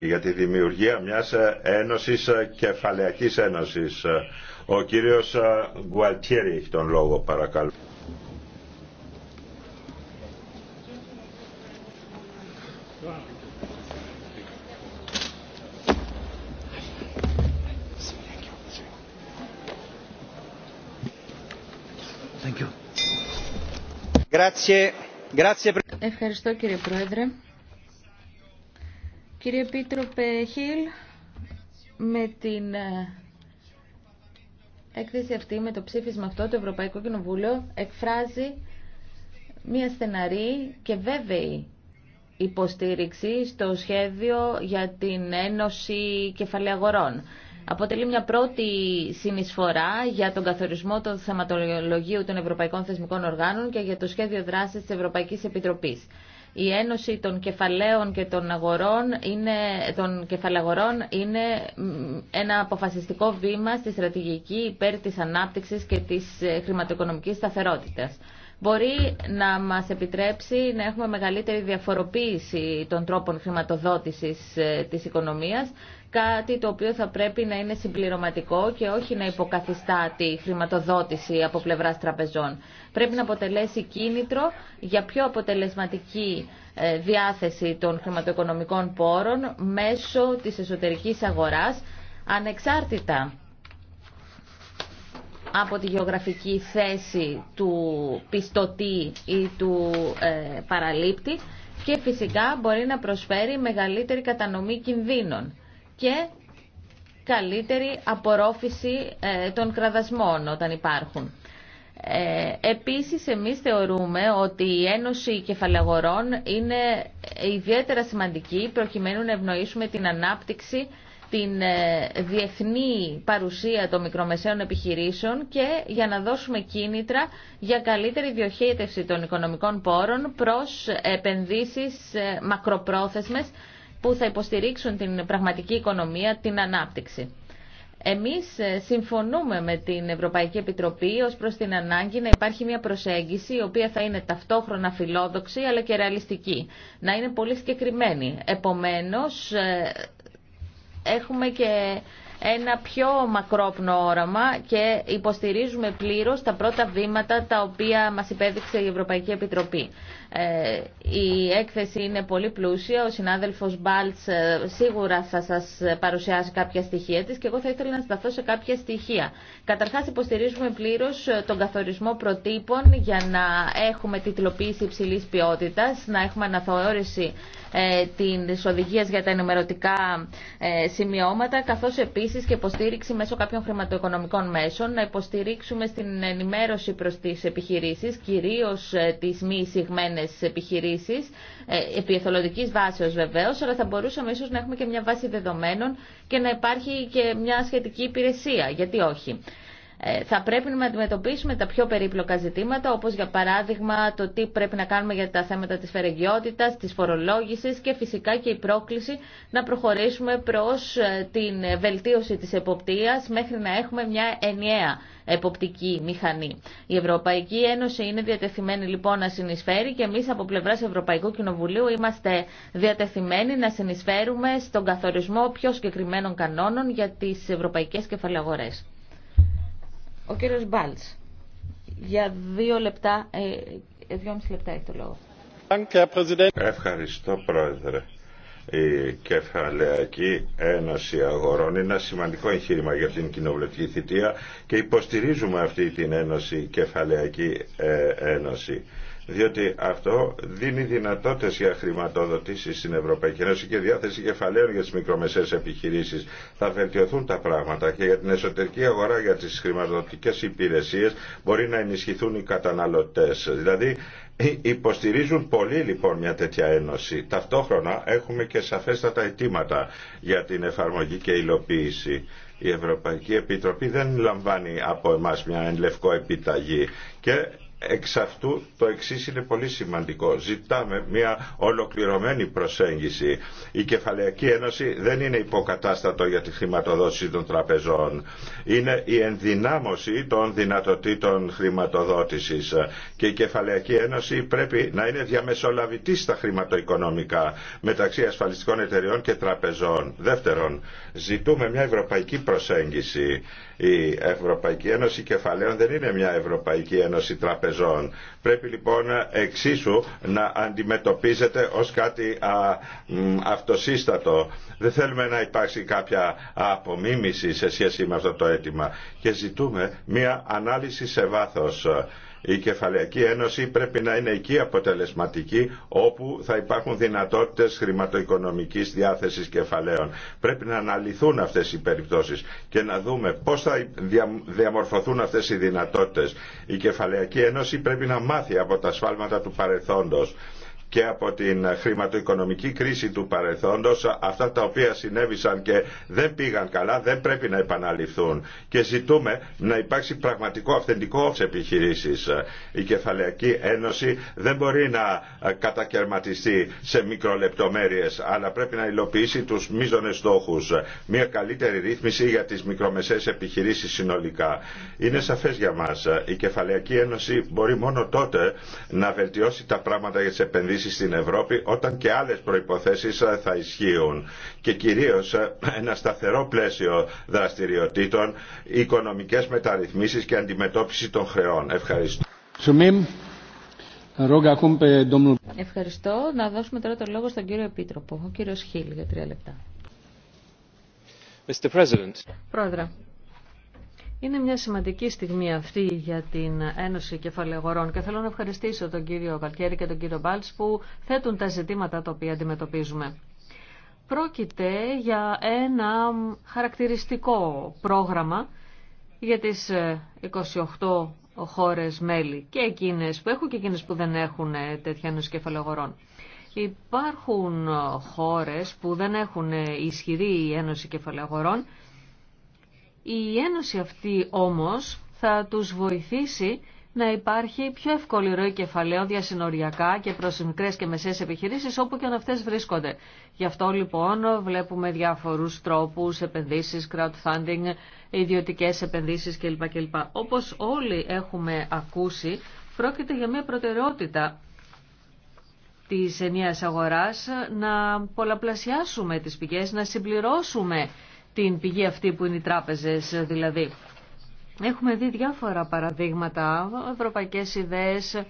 για τη δημιουργία μιας ε, ένωσης, ε, κεφαλαιακής ένωσης. Ε, ο κύριος Γκουαλτιέρη έχει τον λόγο παρακαλώ. Ευχαριστώ κύριε Πρόεδρε. Κύριε Επίτροπε Χίλ, με την ε, έκθεση αυτή, με το ψήφισμα αυτό, το Ευρωπαϊκό Κοινοβούλιο εκφράζει μια στεναρή και βέβαιη υποστήριξη στο σχέδιο για την Ένωση Κεφαλαίου Αγορών. Αποτελεί μια πρώτη συνεισφορά για τον καθορισμό των θεματολογίων των Ευρωπαϊκών Θεσμικών Οργάνων και για το σχέδιο δράσης της Ευρωπαϊκής Επιτροπής. Η Ένωση των Κεφαλαίων και των Αγορών είναι, των κεφαλαγορών είναι ένα αποφασιστικό βήμα στη στρατηγική υπέρ της ανάπτυξης και της ε, χρηματοοικονομικής σταθερότητας. Μπορεί να μας επιτρέψει να έχουμε μεγαλύτερη διαφοροποίηση των τρόπων χρηματοδότησης ε, της οικονομίας κάτι το οποίο θα πρέπει να είναι συμπληρωματικό και όχι να υποκαθιστά τη χρηματοδότηση από πλευράς τραπεζών. Πρέπει να αποτελέσει κίνητρο για πιο αποτελεσματική ε, διάθεση των χρηματοοικονομικών πόρων μέσω της εσωτερικής αγοράς, ανεξάρτητα από τη γεωγραφική θέση του πιστωτή ή του ε, παραλήπτη και φυσικά μπορεί να προσφέρει μεγαλύτερη κατανομή κινδύνων και καλύτερη απορρόφηση ε, των κραδασμών όταν υπάρχουν. Ε, επίσης, εμείς θεωρούμε ότι η Ένωση Κεφαλαγορών είναι ιδιαίτερα σημαντική προκειμένου να ευνοήσουμε την ανάπτυξη την ε, διεθνή παρουσία των μικρομεσαίων επιχειρήσεων και για να δώσουμε κίνητρα για καλύτερη διοχέτευση των οικονομικών πόρων προς επενδύσεις μακροπρόθεσμες που θα υποστηρίξουν την πραγματική οικονομία, την ανάπτυξη. Εμείς ε, συμφωνούμε με την Ευρωπαϊκή Επιτροπή ως προς την ανάγκη να υπάρχει μια προσέγγιση η οποία θα είναι ταυτόχρονα φιλόδοξη αλλά και ρεαλιστική. Να είναι πολύ συγκεκριμένη. Επομένως, ε, έχουμε και ένα πιο μακρόπνο όραμα και υποστηρίζουμε πλήρως τα πρώτα βήματα τα οποία μας υπέδειξε η Ευρωπαϊκή Επιτροπή. Ε, η έκθεση είναι πολύ πλούσια. Ο συνάδελφος Μπάλτς ε, σίγουρα θα σας παρουσιάσει κάποια στοιχεία της και εγώ θα ήθελα να σταθώ σε κάποια στοιχεία. Καταρχάς υποστηρίζουμε πλήρως ε, τον καθορισμό προτύπων για να έχουμε τιτλοποίηση υψηλής ποιότητας, να έχουμε αναθεώρηση ε, της οδηγίας για τα ενημερωτικά σημειώματα, καθώς επίσης και υποστήριξη μέσω κάποιων χρηματοοικονομικών μέσων, να υποστηρίξουμε στην ενημέρωση προς τις επιχειρήσεις, κυρίως τις μη ορισμένε επιχειρήσει, ε, επί εθελοντική βάσεω βεβαίω, αλλά θα μπορούσαμε ίσω να έχουμε και μια βάση δεδομένων και να υπάρχει και μια σχετική υπηρεσία. Γιατί όχι. Ε, θα πρέπει να αντιμετωπίσουμε τα πιο περίπλοκα ζητήματα, όπως για παράδειγμα το τι πρέπει να κάνουμε για τα θέματα της φερεγγιότητας, της φορολόγησης και φυσικά και η πρόκληση να προχωρήσουμε προς ε, την βελτίωση της εποπτείας μέχρι να έχουμε μια ενιαία εποπτική μηχανή. Η Ευρωπαϊκή Ένωση είναι διατεθειμένη λοιπόν να συνεισφέρει και εμείς από πλευράς Ευρωπαϊκού Κοινοβουλίου είμαστε διατεθειμένοι να συνεισφέρουμε στον καθορισμό πιο συγκεκριμένων κανόνων για τις ευρωπαϊκές κεφαλαγορές. Ο κύριος Μπάλτς. Για δύο λεπτά, ε, ε, δυόμιση λεπτά έχει το λόγο. Ευχαριστώ πρόεδρε. Η Κεφαλαιακή Ένωση Αγορών είναι ένα σημαντικό εγχείρημα για την κοινοβουλευτική θητεία και υποστηρίζουμε αυτή την Ένωση, Κεφαλαιακή ε, Ένωση διότι αυτό δίνει δυνατότητες για χρηματοδοτήσει στην Ευρωπαϊκή Ένωση και διάθεση κεφαλαίων για τις μικρομεσαίες επιχειρήσεις. Θα βελτιωθούν τα πράγματα και για την εσωτερική αγορά για τις χρηματοδοτικές υπηρεσίες μπορεί να ενισχυθούν οι καταναλωτές. Δηλαδή Υποστηρίζουν πολύ λοιπόν μια τέτοια ένωση. Ταυτόχρονα έχουμε και σαφέστατα αιτήματα για την εφαρμογή και υλοποίηση. Η Ευρωπαϊκή Επιτροπή δεν λαμβάνει από εμάς μια λευκό επιταγή και Εξ αυτού το εξή είναι πολύ σημαντικό. Ζητάμε μια ολοκληρωμένη προσέγγιση. Η Κεφαλαιακή Ένωση δεν είναι υποκατάστατο για τη χρηματοδότηση των τραπεζών. Είναι η ενδυνάμωση των δυνατοτήτων χρηματοδότησης. Και η Κεφαλαιακή Ένωση πρέπει να είναι διαμεσολαβητή στα χρηματοοικονομικά μεταξύ ασφαλιστικών εταιριών και τραπεζών. Δεύτερον, ζητούμε μια ευρωπαϊκή προσέγγιση. Η Ευρωπαϊκή Ένωση Κεφαλαίων δεν είναι μια Ευρωπαϊκή Ένωση Τραπεζών Πρέπει λοιπόν εξίσου να αντιμετωπίζεται ως κάτι α, αυτοσύστατο. Δεν θέλουμε να υπάρξει κάποια απομίμηση σε σχέση με αυτό το αίτημα και ζητούμε μια ανάλυση σε βάθος η Κεφαλαιακή Ένωση πρέπει να είναι εκεί αποτελεσματική όπου θα υπάρχουν δυνατότητες χρηματοοικονομικής διάθεσης κεφαλαίων. Πρέπει να αναλυθούν αυτές οι περιπτώσεις και να δούμε πώς θα διαμορφωθούν αυτές οι δυνατότητες. Η Κεφαλαιακή Ένωση πρέπει να μάθει από τα σφάλματα του παρελθόντος και από την χρηματοοικονομική κρίση του παρελθόντος αυτά τα οποία συνέβησαν και δεν πήγαν καλά δεν πρέπει να επαναληφθούν και ζητούμε να υπάρξει πραγματικό αυθεντικό σε επιχειρήσεις. Η Κεφαλαιακή Ένωση δεν μπορεί να κατακαιρματιστεί σε μικρολεπτομέρειες αλλά πρέπει να υλοποιήσει τους μείζονες στόχους. Μια καλύτερη ρύθμιση για τις μικρομεσαίες επιχειρήσεις συνολικά. Είναι σαφές για μας. Η Κεφαλαιακή Ένωση μπορεί μόνο τότε να βελτιώσει τα πράγματα για τις επενδύσεις στην Ευρώπη όταν και άλλες προϋποθέσεις ε, θα ισχύουν και κυρίως ε, ένα σταθερό πλαίσιο δραστηριοτήτων, οικονομικές μεταρρυθμίσεις και αντιμετώπιση των χρεών. Ευχαριστώ. Ευχαριστώ. Να δώσουμε τώρα το λόγο στον κύριο Επίτροπο, ο κύριος Χίλ για τρία λεπτά. Mr. President. Πρόεδρε, είναι μια σημαντική στιγμή αυτή για την Ένωση Κεφαλαίου και θέλω να ευχαριστήσω τον κύριο Καλκέρη και τον κύριο Μπάλτς που θέτουν τα ζητήματα τα οποία αντιμετωπίζουμε. Πρόκειται για ένα χαρακτηριστικό πρόγραμμα για τις 28 ε, χώρες μέλη και εκείνες που έχουν και εκείνες που δεν έχουν ε, τέτοια Ένωση Κεφαλαίου Υπάρχουν ε, χώρες που δεν έχουν ισχυρή Ένωση Κεφαλαίου η ένωση αυτή όμως θα τους βοηθήσει να υπάρχει πιο εύκολη ροή κεφαλαίων διασυνοριακά και προς μικρές και μεσαίες επιχειρήσεις όπου και αν αυτές βρίσκονται. Γι' αυτό λοιπόν βλέπουμε διάφορους τρόπους, επενδύσεις, crowdfunding, ιδιωτικές επενδύσεις κλπ. κλπ. Όπως όλοι έχουμε ακούσει, πρόκειται για μια προτεραιότητα της ενίας αγοράς να πολλαπλασιάσουμε τις πηγές, να συμπληρώσουμε την πηγή αυτή που είναι οι τράπεζες δηλαδή. Έχουμε δει διάφορα παραδείγματα, ευρωπαϊκές ιδέες.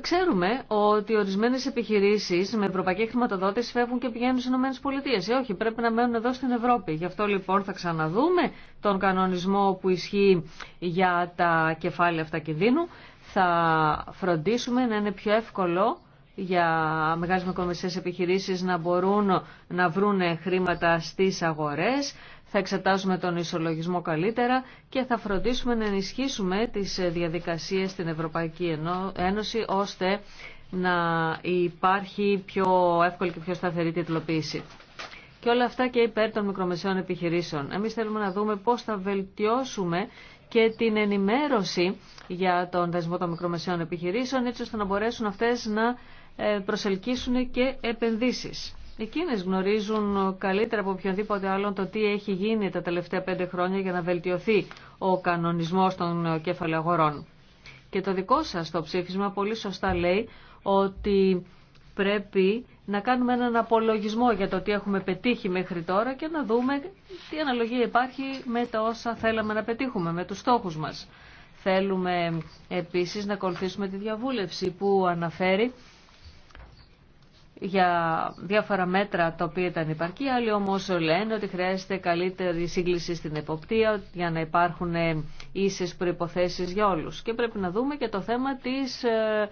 Ξέρουμε ότι ορισμένες επιχειρήσεις με ευρωπαϊκή χρηματοδότηση φεύγουν και πηγαίνουν στις ΗΠΑ. Ε, όχι, πρέπει να μένουν εδώ στην Ευρώπη. Γι' αυτό λοιπόν θα ξαναδούμε τον κανονισμό που ισχύει για τα κεφάλαια αυτά κινδύνου. Θα φροντίσουμε να είναι πιο εύκολο για μεγάλες μικρομεσαίες επιχειρήσεις να μπορούν να βρουν χρήματα στις αγορές. Θα εξετάσουμε τον ισολογισμό καλύτερα και θα φροντίσουμε να ενισχύσουμε τις διαδικασίες στην Ευρωπαϊκή Ένωση ώστε να υπάρχει πιο εύκολη και πιο σταθερή τιτλοποίηση. Και όλα αυτά και υπέρ των μικρομεσαίων επιχειρήσεων. Εμείς θέλουμε να δούμε πώς θα βελτιώσουμε και την ενημέρωση για τον δεσμό των μικρομεσαίων επιχειρήσεων, έτσι ώστε να μπορέσουν αυτές να ε, προσελκύσουν και επενδύσεις. Εκείνες γνωρίζουν καλύτερα από οποιονδήποτε άλλον το τι έχει γίνει τα τελευταία πέντε χρόνια για να βελτιωθεί ο κανονισμός των αγορών. Και το δικό σας το ψήφισμα πολύ σωστά λέει ότι πρέπει να κάνουμε έναν απολογισμό για το τι έχουμε πετύχει μέχρι τώρα και να δούμε τι αναλογία υπάρχει με τα όσα θέλαμε να πετύχουμε, με τους στόχους μας. Θέλουμε επίσης να ακολουθήσουμε τη διαβούλευση που αναφέρει για διάφορα μέτρα τα οποία ήταν υπαρκή, άλλοι όμως λένε ότι χρειάζεται καλύτερη σύγκληση στην εποπτεία για να υπάρχουν ε, ίσες προϋποθέσεις για όλους. Και πρέπει να δούμε και το θέμα της ε,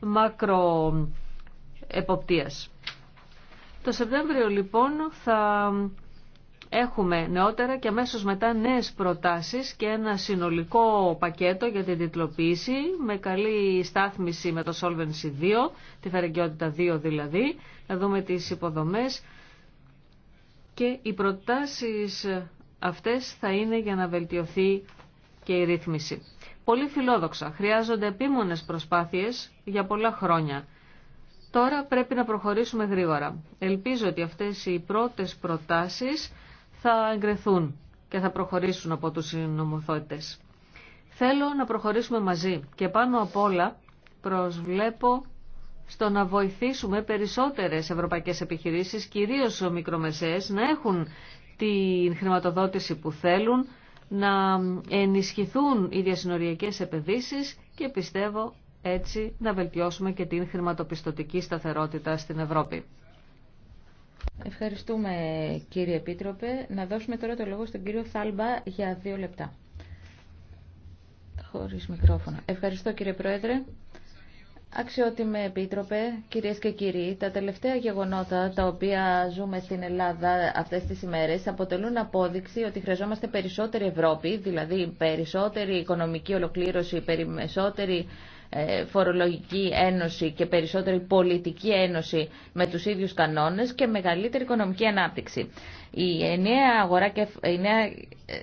μακροεποπτείας. Το Σεπτέμβριο λοιπόν θα έχουμε νεότερα και αμέσω μετά νέες προτάσεις και ένα συνολικό πακέτο για την τιτλοποίηση με καλή στάθμιση με το Solvency 2, τη φερεγκιότητα 2 δηλαδή, να δούμε τις υποδομές και οι προτάσεις αυτές θα είναι για να βελτιωθεί και η ρύθμιση. Πολύ φιλόδοξα, χρειάζονται επίμονες προσπάθειες για πολλά χρόνια. Τώρα πρέπει να προχωρήσουμε γρήγορα. Ελπίζω ότι αυτές οι πρώτες προτάσεις θα εγκρεθούν και θα προχωρήσουν από τους συνομοθότητες. Θέλω να προχωρήσουμε μαζί και πάνω απ' όλα προσβλέπω στο να βοηθήσουμε περισσότερες ευρωπαϊκές επιχειρήσεις, κυρίως μικρομεσαίες, να έχουν την χρηματοδότηση που θέλουν, να ενισχυθούν οι διασυνοριακές επενδύσεις και πιστεύω έτσι να βελτιώσουμε και την χρηματοπιστωτική σταθερότητα στην Ευρώπη. Ευχαριστούμε κύριε Επίτροπε. Να δώσουμε τώρα το λόγο στον κύριο Θάλμπα για δύο λεπτά. Χωρίς μικρόφωνο. Ευχαριστώ κύριε Πρόεδρε. Αξιότιμε Επίτροπε, κυρίες και κύριοι, τα τελευταία γεγονότα τα οποία ζούμε στην Ελλάδα αυτές τις ημέρες αποτελούν απόδειξη ότι χρειαζόμαστε περισσότερη Ευρώπη, δηλαδή περισσότερη οικονομική ολοκλήρωση, περισσότερη ε, φορολογική ένωση και περισσότερη πολιτική ένωση με τους ίδιους κανόνες και μεγαλύτερη οικονομική ανάπτυξη. Η ενιαία αγορά και η νέα ε,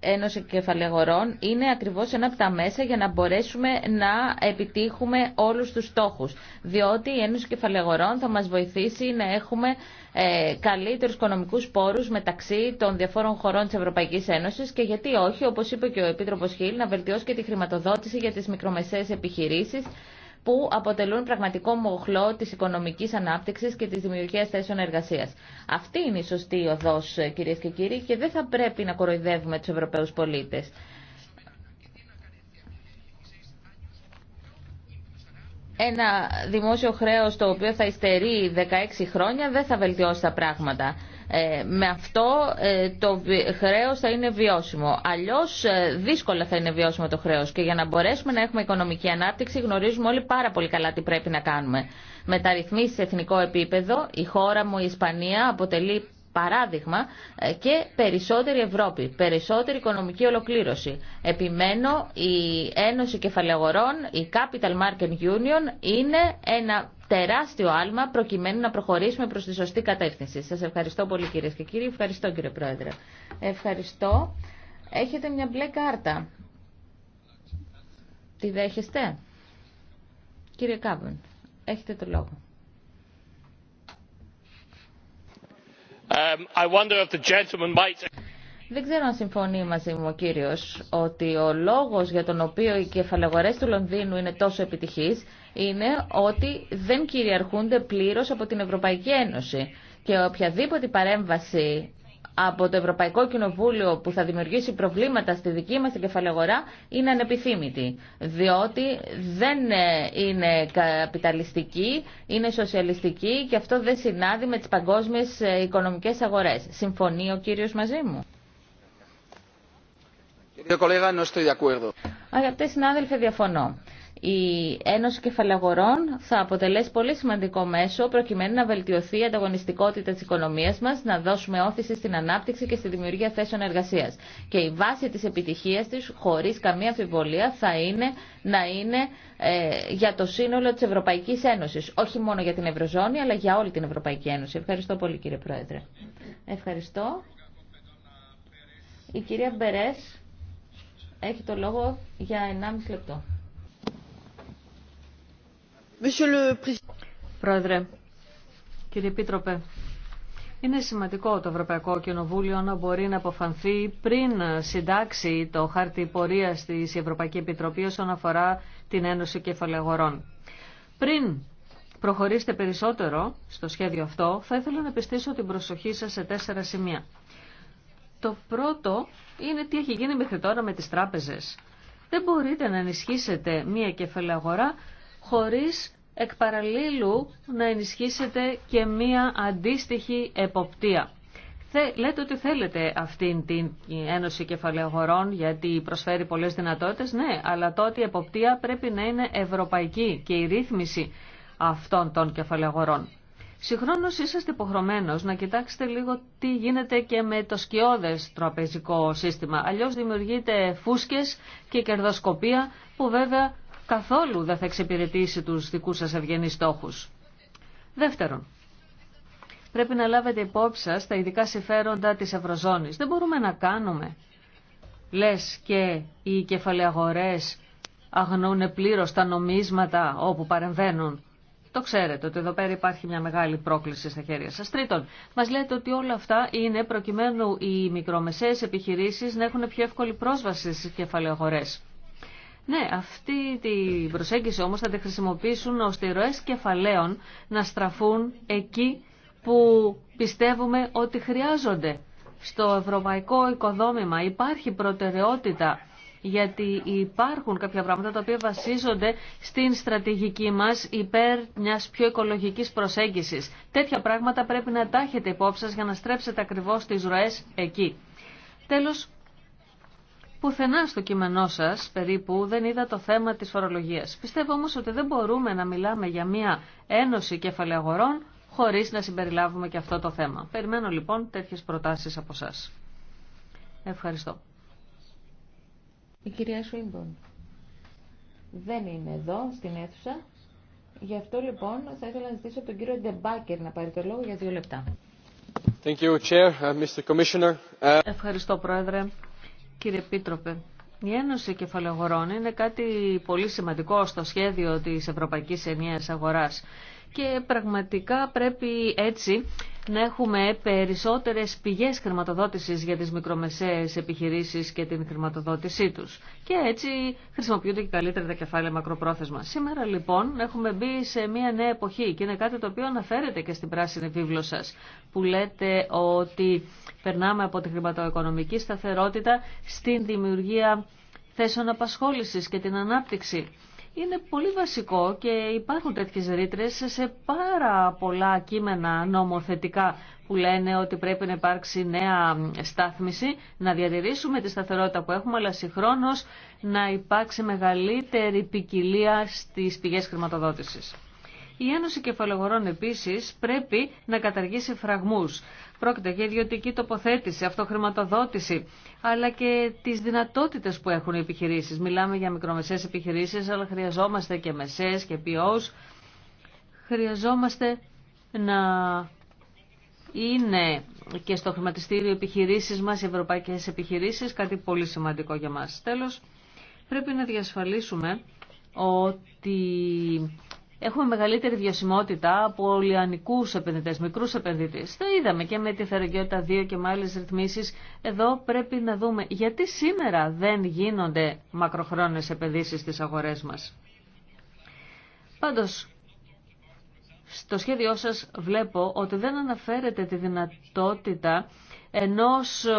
Ένωση Κεφαλαιογορών είναι ακριβώς ένα από τα μέσα για να μπορέσουμε να επιτύχουμε όλους τους στόχους. Διότι η Ένωση Κεφαλαιογορών θα μας βοηθήσει να έχουμε ε, καλύτερους οικονομικούς πόρους μεταξύ των διαφόρων χωρών της Ευρωπαϊκής Ένωσης και γιατί όχι, όπως είπε και ο Επίτροπος Χίλ, να βελτιώσει και τη χρηματοδότηση για τις μικρομεσαίες επιχειρήσεις που αποτελούν πραγματικό μοχλό τη οικονομική ανάπτυξη και τη δημιουργία θέσεων εργασία. Αυτή είναι η σωστή οδό, ε, κυρίε και κύριοι, και δεν θα πρέπει να κοροϊδεύουμε του Ευρωπαίου πολίτε. ένα δημόσιο χρέος το οποίο θα ειστερεί 16 χρόνια δεν θα βελτιώσει τα πράγματα. Ε, με αυτό ε, το χρέος θα είναι βιώσιμο. Αλλιώς ε, δύσκολα θα είναι βιώσιμο το χρέος και για να μπορέσουμε να έχουμε οικονομική ανάπτυξη γνωρίζουμε όλοι πάρα πολύ καλά τι πρέπει να κάνουμε. Μεταρρυθμίσει σε εθνικό επίπεδο, η χώρα μου η Ισπανία αποτελεί παράδειγμα ε, και περισσότερη Ευρώπη, περισσότερη οικονομική ολοκλήρωση. Επιμένω, η Ένωση Κεφαλαιογορών, η Capital Market Union, είναι ένα τεράστιο άλμα προκειμένου να προχωρήσουμε προς τη σωστή κατεύθυνση. Σας ευχαριστώ πολύ κυρίες και κύριοι. Ευχαριστώ κύριε Πρόεδρε. Ευχαριστώ. Έχετε μια μπλε κάρτα. Τη δέχεστε. Κύριε Κάβεν, έχετε το λόγο. Um, δεν ξέρω αν συμφωνεί μαζί μου ο κύριος ότι ο λόγος για τον οποίο οι κεφαλαγορές του Λονδίνου είναι τόσο επιτυχείς είναι ότι δεν κυριαρχούνται πλήρως από την Ευρωπαϊκή Ένωση και οποιαδήποτε παρέμβαση από το Ευρωπαϊκό Κοινοβούλιο που θα δημιουργήσει προβλήματα στη δική μας την κεφαλαγορά είναι ανεπιθύμητη. Διότι δεν ε, είναι καπιταλιστική, είναι σοσιαλιστική και αυτό δεν συνάδει με τις παγκόσμιες ε, οικονομικές αγορές. Συμφωνεί ο κύριος μαζί μου. Αγαπητέ συνάδελφε, διαφωνώ. Η Ένωση Κεφαλαγορών θα αποτελέσει πολύ σημαντικό μέσο προκειμένου να βελτιωθεί η ανταγωνιστικότητα τη οικονομία μα, να δώσουμε όθηση στην ανάπτυξη και στη δημιουργία θέσεων εργασία. Και η βάση τη επιτυχία τη, χωρί καμία αμφιβολία, θα είναι να είναι ε, για το σύνολο τη Ευρωπαϊκή Ένωση. Όχι μόνο για την Ευρωζώνη, αλλά για όλη την Ευρωπαϊκή Ένωση. Ευχαριστώ πολύ, κύριε Πρόεδρε. Ευχαριστώ. Η κυρία Μπερέ έχει το λόγο για 1,5 λεπτό. Πρόεδρε, κύριε Επίτροπε, είναι σημαντικό το Ευρωπαϊκό Κοινοβούλιο να μπορεί να αποφανθεί πριν συντάξει το χάρτη πορείας της Ευρωπαϊκή Επιτροπή όσον αφορά την Ένωση Αγορών. Πριν προχωρήσετε περισσότερο στο σχέδιο αυτό, θα ήθελα να πιστήσω την προσοχή σας σε τέσσερα σημεία. Το πρώτο είναι τι έχει γίνει μέχρι τώρα με τις τράπεζες. Δεν μπορείτε να ενισχύσετε μία κεφαλαία αγορά χωρίς εκ να ενισχύσετε και μία αντίστοιχη εποπτεία. Λέτε ότι θέλετε αυτήν την Ένωση κεφαλαιογορών γιατί προσφέρει πολλές δυνατότητες, ναι, αλλά τότε η εποπτεία πρέπει να είναι ευρωπαϊκή και η ρύθμιση αυτών των κεφαλαιογορών. Συγχρόνως είσαστε υποχρεωμένος να κοιτάξετε λίγο τι γίνεται και με το σκιώδες τραπεζικό σύστημα. Αλλιώς δημιουργείται φούσκες και κερδοσκοπία που βέβαια καθόλου δεν θα εξυπηρετήσει τους δικούς σας ευγενείς στόχους. Δεύτερον, πρέπει να λάβετε υπόψη σας τα ειδικά συμφέροντα της Ευρωζώνης. Δεν μπορούμε να κάνουμε, λες και οι κεφαλαιαγορές αγνούν πλήρως τα νομίσματα όπου παρεμβαίνουν. Το ξέρετε ότι εδώ πέρα υπάρχει μια μεγάλη πρόκληση στα χέρια σας. Τρίτον, μας λέτε ότι όλα αυτά είναι προκειμένου οι μικρομεσαίες επιχειρήσεις να έχουν πιο εύκολη πρόσβαση στις κεφαλαιαγορές. Ναι, αυτή την προσέγγιση όμως θα τη χρησιμοποιήσουν ώστε οι ροές κεφαλαίων να στραφούν εκεί που πιστεύουμε ότι χρειάζονται. Στο ευρωπαϊκό οικοδόμημα υπάρχει προτεραιότητα γιατί υπάρχουν κάποια πράγματα τα οποία βασίζονται στην στρατηγική μας υπέρ μιας πιο οικολογικής προσέγγισης. Τέτοια πράγματα πρέπει να τα έχετε υπόψη για να στρέψετε ακριβώς τις ροές εκεί. Τέλος, Πουθενά στο κείμενό σα περίπου δεν είδα το θέμα της φορολογία. Πιστεύω όμω ότι δεν μπορούμε να μιλάμε για μια ένωση κεφαλαιαγορών χωρίς να συμπεριλάβουμε και αυτό το θέμα. Περιμένω λοιπόν τέτοιες προτάσεις από εσά. Ευχαριστώ. Η κυρία Σουίμπον δεν είναι εδώ στην αίθουσα. Γι' αυτό λοιπόν θα ήθελα να ζητήσω τον κύριο Ντεμπάκερ να πάρει το λόγο για δύο λεπτά. Thank you, Chair, uh, Mr. Uh, Ευχαριστώ Πρόεδρε. Κύριε Πίτροπε, η Ένωση Κεφαλαιογορών είναι κάτι πολύ σημαντικό στο σχέδιο της Ευρωπαϊκής Ενιαίας Αγοράς και πραγματικά πρέπει έτσι να έχουμε περισσότερες πηγές χρηματοδότησης για τις μικρομεσαίες επιχειρήσεις και την χρηματοδότησή τους. Και έτσι χρησιμοποιούνται και καλύτερα τα κεφάλαια μακροπρόθεσμα. Σήμερα λοιπόν έχουμε μπει σε μια νέα εποχή και είναι κάτι το οποίο αναφέρεται και στην πράσινη βίβλο σας που λέτε ότι περνάμε από τη χρηματοοικονομική σταθερότητα στην δημιουργία θέσεων απασχόλησης και την ανάπτυξη είναι πολύ βασικό και υπάρχουν τέτοιες ρήτρε σε πάρα πολλά κείμενα νομοθετικά που λένε ότι πρέπει να υπάρξει νέα στάθμιση, να διατηρήσουμε τη σταθερότητα που έχουμε, αλλά συγχρόνως να υπάρξει μεγαλύτερη ποικιλία στις πηγές χρηματοδότησης. Η Ένωση Κεφαλογορών επίση πρέπει να καταργήσει φραγμούς. Πρόκειται για ιδιωτική τοποθέτηση, αυτοχρηματοδότηση, αλλά και τις δυνατότητες που έχουν οι επιχειρήσεις. Μιλάμε για μικρομεσαίε επιχειρήσεις, αλλά χρειαζόμαστε και μεσές και ποιός. Χρειαζόμαστε να είναι και στο χρηματιστήριο επιχειρήσεις μα, οι ευρωπαϊκές επιχειρήσεις, κάτι πολύ σημαντικό για μα τέλο. πρέπει να διασφαλίσουμε ότι έχουμε μεγαλύτερη βιωσιμότητα από ολιανικού επενδυτέ, μικρού επενδυτέ. Το είδαμε και με τη Θεραγιότητα 2 και με άλλε ρυθμίσει. Εδώ πρέπει να δούμε γιατί σήμερα δεν γίνονται μακροχρόνε επενδύσει στι αγορέ μα. Πάντω, στο σχέδιό σας βλέπω ότι δεν αναφέρεται τη δυνατότητα ενός ε,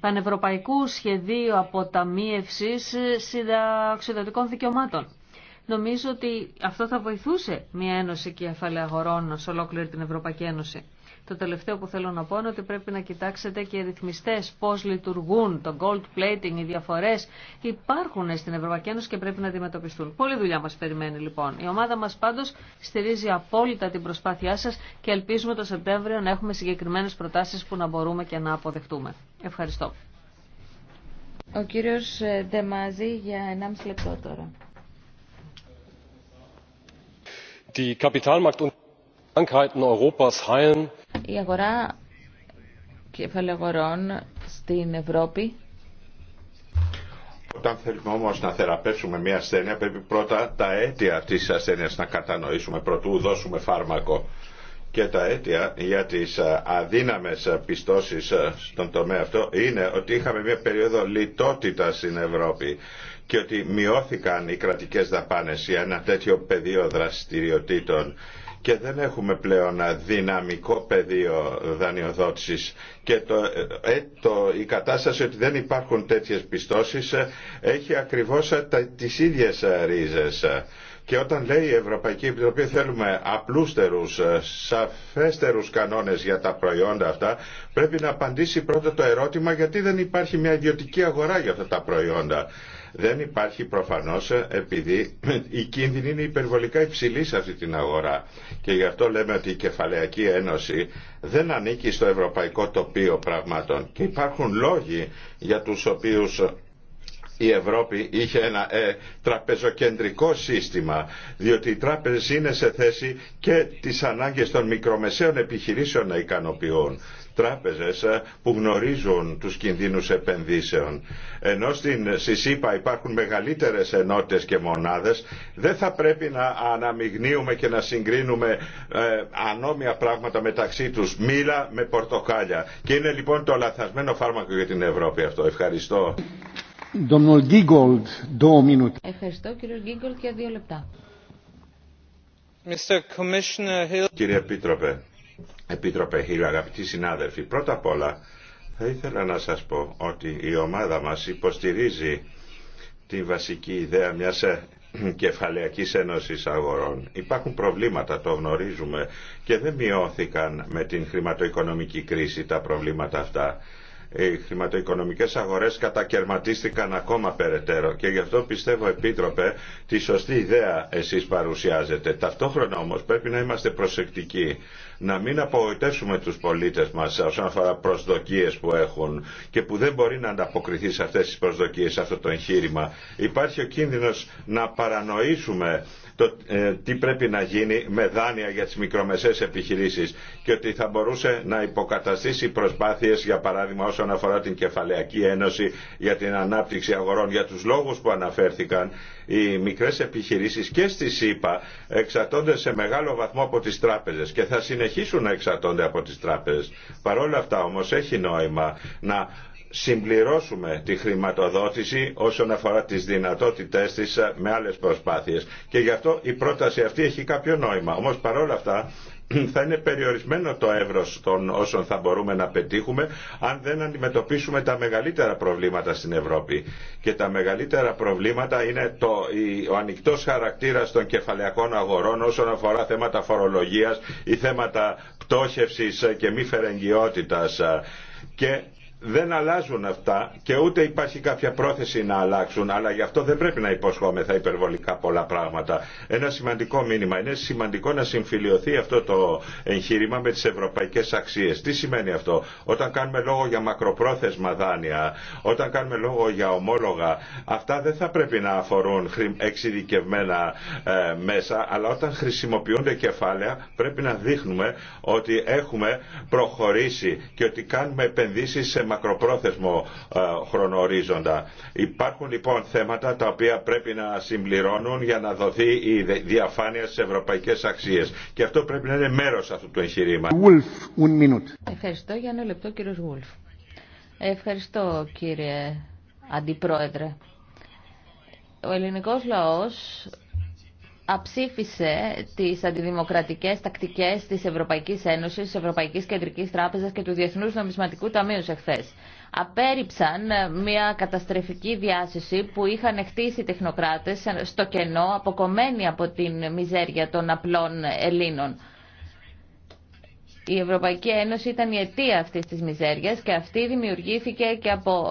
πανευρωπαϊκού σχεδίου αποταμίευσης ε, συνταξιδοτικών δικαιωμάτων. Νομίζω ότι αυτό θα βοηθούσε μια ένωση κεφαλαίου αγορών σε ολόκληρη την Ευρωπαϊκή Ένωση. Το τελευταίο που θέλω να πω είναι ότι πρέπει να κοιτάξετε και οι ρυθμιστές πώς λειτουργούν, το gold plating, οι διαφορές υπάρχουν στην Ευρωπαϊκή Ένωση και πρέπει να αντιμετωπιστούν. Πολλή δουλειά μας περιμένει λοιπόν. Η ομάδα μας πάντως στηρίζει απόλυτα την προσπάθειά σας και ελπίζουμε το Σεπτέμβριο να έχουμε συγκεκριμένες προτάσεις που να μπορούμε και να αποδεχτούμε. Ευχαριστώ. Ο κύριος ε, Ντεμάζη για 1,5 λεπτό τώρα. Η αγορά στην Ευρώπη. Όταν θέλουμε όμω να θεραπεύσουμε μια ασθένεια πρέπει πρώτα τα αίτια τη της να κατανοήσουμε πρωτού δώσουμε φάρμακο και τα αίτια για τι αδύναμε πιστώσει στον τομέα αυτό είναι ότι είχαμε μια περίοδο λιτότητα στην Ευρώπη και ότι μειώθηκαν οι κρατικές δαπάνες για ένα τέτοιο πεδίο δραστηριοτήτων και δεν έχουμε πλέον δυναμικό πεδίο δανειοδότησης και το, ε, ε το, η κατάσταση ότι δεν υπάρχουν τέτοιες πιστώσεις ε, έχει ακριβώς ε, τα, τις ίδιες ρίζες. Και όταν λέει η Ευρωπαϊκή Επιτροπή θέλουμε απλούστερους, σαφέστερους κανόνες για τα προϊόντα αυτά, πρέπει να απαντήσει πρώτα το ερώτημα γιατί δεν υπάρχει μια ιδιωτική αγορά για αυτά τα προϊόντα δεν υπάρχει προφανώς ε, επειδή η κίνδυνη είναι υπερβολικά υψηλή σε αυτή την αγορά και γι' αυτό λέμε ότι η κεφαλαϊκή Ένωση δεν ανήκει στο ευρωπαϊκό τοπίο πραγμάτων και υπάρχουν λόγοι για τους οποίους ε, η Ευρώπη είχε ένα ε, τραπεζοκεντρικό σύστημα, διότι οι τράπεζες είναι σε θέση και τις ανάγκες των μικρομεσαίων επιχειρήσεων να ικανοποιούν τράπεζες ε, που γνωρίζουν τους κινδύνους επενδύσεων. Ενώ στην ΣΥΣΥΠΑ υπάρχουν μεγαλύτερες ενότητες και μονάδες, δεν θα πρέπει να αναμειγνύουμε και να συγκρίνουμε ε, ανώμια πράγματα μεταξύ τους. Μήλα με πορτοκάλια. Και είναι λοιπόν το λαθασμένο φάρμακο για την Ευρώπη αυτό. Ευχαριστώ. Ευχαριστώ κύριο Γκίγκολτ για δύο λεπτά. Κύριε Επίτροπε, Επίτροπε Χίλ, αγαπητοί συνάδελφοι, πρώτα απ' όλα θα ήθελα να σας πω ότι η ομάδα μας υποστηρίζει τη βασική ιδέα μιας ε, κεφαλαιακής ένωσης αγορών. Υπάρχουν προβλήματα, το γνωρίζουμε, και δεν μειώθηκαν με την χρηματοοικονομική κρίση τα προβλήματα αυτά οι χρηματοοικονομικές αγορές κατακαιρματίστηκαν ακόμα περαιτέρω και γι' αυτό πιστεύω Επίτροπε τη σωστή ιδέα εσείς παρουσιάζετε. Ταυτόχρονα όμως πρέπει να είμαστε προσεκτικοί να μην απογοητεύσουμε τους πολίτες μας όσον αφορά προσδοκίες που έχουν και που δεν μπορεί να ανταποκριθεί σε αυτές τις προσδοκίες, σε αυτό το εγχείρημα. Υπάρχει ο κίνδυνος να παρανοήσουμε το ε, τι πρέπει να γίνει με δάνεια για τις μικρομεσαίες επιχειρήσεις και ότι θα μπορούσε να υποκαταστήσει προσπάθειες για παράδειγμα όσον αφορά την Κεφαλαιακή Ένωση για την ανάπτυξη αγορών για τους λόγους που αναφέρθηκαν οι μικρές επιχειρήσεις και στη ΣΥΠΑ εξατώνται σε μεγάλο βαθμό από τις τράπεζες και θα συνεχίσουν να εξατώνται από τις τράπεζες. Παρ' όλα αυτά όμως έχει νόημα να συμπληρώσουμε τη χρηματοδότηση όσον αφορά τις δυνατότητές της ε, με άλλες προσπάθειες. Και γι' αυτό η πρόταση αυτή έχει κάποιο νόημα. Όμως παρόλα αυτά θα είναι περιορισμένο το εύρος των όσων θα μπορούμε να πετύχουμε αν δεν αντιμετωπίσουμε τα μεγαλύτερα προβλήματα στην Ευρώπη. Και τα μεγαλύτερα προβλήματα είναι το, ο ανοιχτό χαρακτήρας των κεφαλαιακών αγορών όσον αφορά θέματα φορολογίας ή θέματα πτώχευσης ε, και μη φερεγγιότητας ε. και δεν αλλάζουν αυτά και ούτε υπάρχει κάποια πρόθεση να αλλάξουν, αλλά γι' αυτό δεν πρέπει να υποσχόμεθα υπερβολικά πολλά πράγματα. Ένα σημαντικό μήνυμα. Είναι σημαντικό να συμφιλειωθεί αυτό το εγχείρημα με τι ευρωπαϊκέ αξίε. Τι σημαίνει αυτό, όταν κάνουμε λόγο για μακροπρόθεσμα δάνεια, όταν κάνουμε λόγο για ομόλογα, αυτά δεν θα πρέπει να αφορούν εξειδικευμένα ε, μέσα, αλλά όταν χρησιμοποιούνται κεφάλαια πρέπει να δείχνουμε ότι έχουμε προχωρήσει και ότι κάνουμε επενδύσει σε μακροπρόθεσμο ε, χρονορίζοντα. Υπάρχουν λοιπόν θέματα τα οποία πρέπει να συμπληρώνουν για να δοθεί η διαφάνεια στι ευρωπαϊκές αξίες. Και αυτό πρέπει να είναι μέρος αυτού του εγχειρήματο. Ευχαριστώ για ένα λεπτό κύριο Γουλφ. Ευχαριστώ κύριε Αντιπρόεδρε. Ο ελληνικός λαός αψήφισε τις αντιδημοκρατικές τακτικές της Ευρωπαϊκής Ένωσης, της Ευρωπαϊκής Κεντρικής Τράπεζας και του Διεθνούς Νομισματικού Ταμείου εχθές. Απέριψαν μια καταστρεφική διάσωση που είχαν χτίσει τεχνοκράτες στο κενό, αποκομμένοι από την μιζέρια των απλών Ελλήνων. Η Ευρωπαϊκή Ένωση ήταν η αιτία αυτή τη μιζέρια και αυτή δημιουργήθηκε και από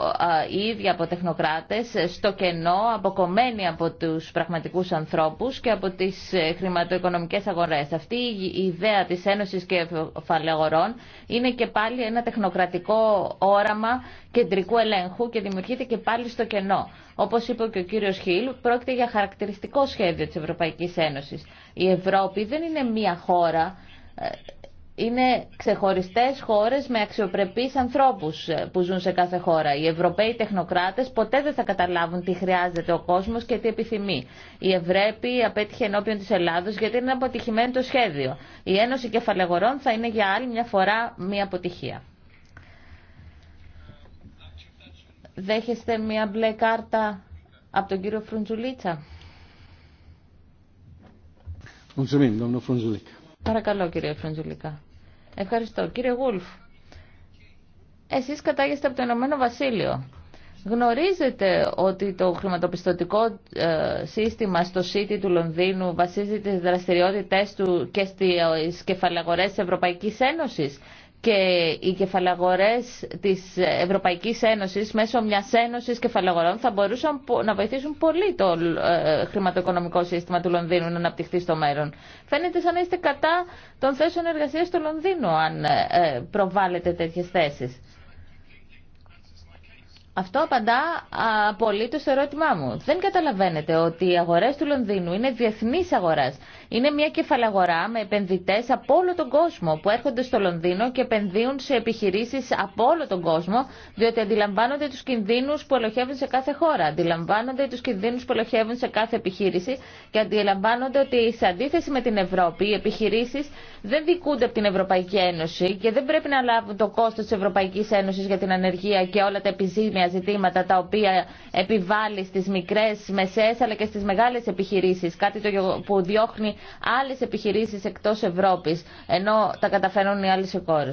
οι ίδιοι από τεχνοκράτε στο κενό, αποκομμένη από του πραγματικού ανθρώπου και από τι ε, χρηματοοικονομικέ αγορέ. Αυτή η ιδέα τη Ένωση και Κεφαλαιογορών είναι και πάλι ένα τεχνοκρατικό όραμα κεντρικού ελέγχου και δημιουργείται και πάλι στο κενό. Όπω είπε και ο κύριο Χιλ, πρόκειται για χαρακτηριστικό σχέδιο τη Ευρωπαϊκή Ένωση. Η Ευρώπη δεν είναι μία χώρα ε, είναι ξεχωριστές χώρες με αξιοπρεπείς ανθρώπους ε, που ζουν σε κάθε χώρα. Οι Ευρωπαίοι τεχνοκράτες ποτέ δεν θα καταλάβουν τι χρειάζεται ο κόσμος και τι επιθυμεί. Η Ευρέπη απέτυχε ενώπιον της Ελλάδος γιατί είναι αποτυχημένο το σχέδιο. Η Ένωση Κεφαλαγορών θα είναι για άλλη μια φορά μια αποτυχία. Δέχεστε μια μπλε κάρτα από τον κύριο Φρουντζουλίτσα. Παρακαλώ κύριε Φρουντζουλίκα. Ευχαριστώ. Κύριε Γούλφ, εσείς κατάγεστε από το Ηνωμένο Βασίλειο. Γνωρίζετε ότι το χρηματοπιστωτικό ε, σύστημα στο City του Λονδίνου βασίζεται στις δραστηριότητες του και στις κεφαλαγορές της Ευρωπαϊκής Ένωσης και οι κεφαλαγορές της Ευρωπαϊκής Ένωσης μέσω μιας ένωσης κεφαλαγορών θα μπορούσαν να βοηθήσουν πολύ το ε, χρηματοοικονομικό σύστημα του Λονδίνου να αναπτυχθεί στο μέλλον. Φαίνεται σαν να είστε κατά των θέσεων εργασίας του Λονδίνου αν ε, ε, προβάλλετε τέτοιες θέσεις. Αυτό απαντά απολύτω στο ερώτημά μου. Δεν καταλαβαίνετε ότι οι αγορέ του Λονδίνου είναι διεθνή αγορά. Είναι μια κεφαλαγορά με επενδυτέ από όλο τον κόσμο που έρχονται στο Λονδίνο και επενδύουν σε επιχειρήσει από όλο τον κόσμο, διότι αντιλαμβάνονται του κινδύνου που ελοχεύουν σε κάθε χώρα. Αντιλαμβάνονται του κινδύνου που ελοχεύουν σε κάθε επιχείρηση και αντιλαμβάνονται ότι σε αντίθεση με την Ευρώπη οι επιχειρήσει δεν δικούνται από την Ευρωπαϊκή Ένωση και δεν πρέπει να λάβουν το κόστο τη Ευρωπαϊκή Ένωση για την ανεργία και όλα τα επιζήμια ζητήματα τα οποία επιβάλλει στις μικρές, μεσαίες αλλά και στις μεγάλες επιχειρήσεις. Κάτι το που διώχνει άλλες επιχειρήσεις εκτός Ευρώπης ενώ τα καταφέρνουν οι άλλες χώρε.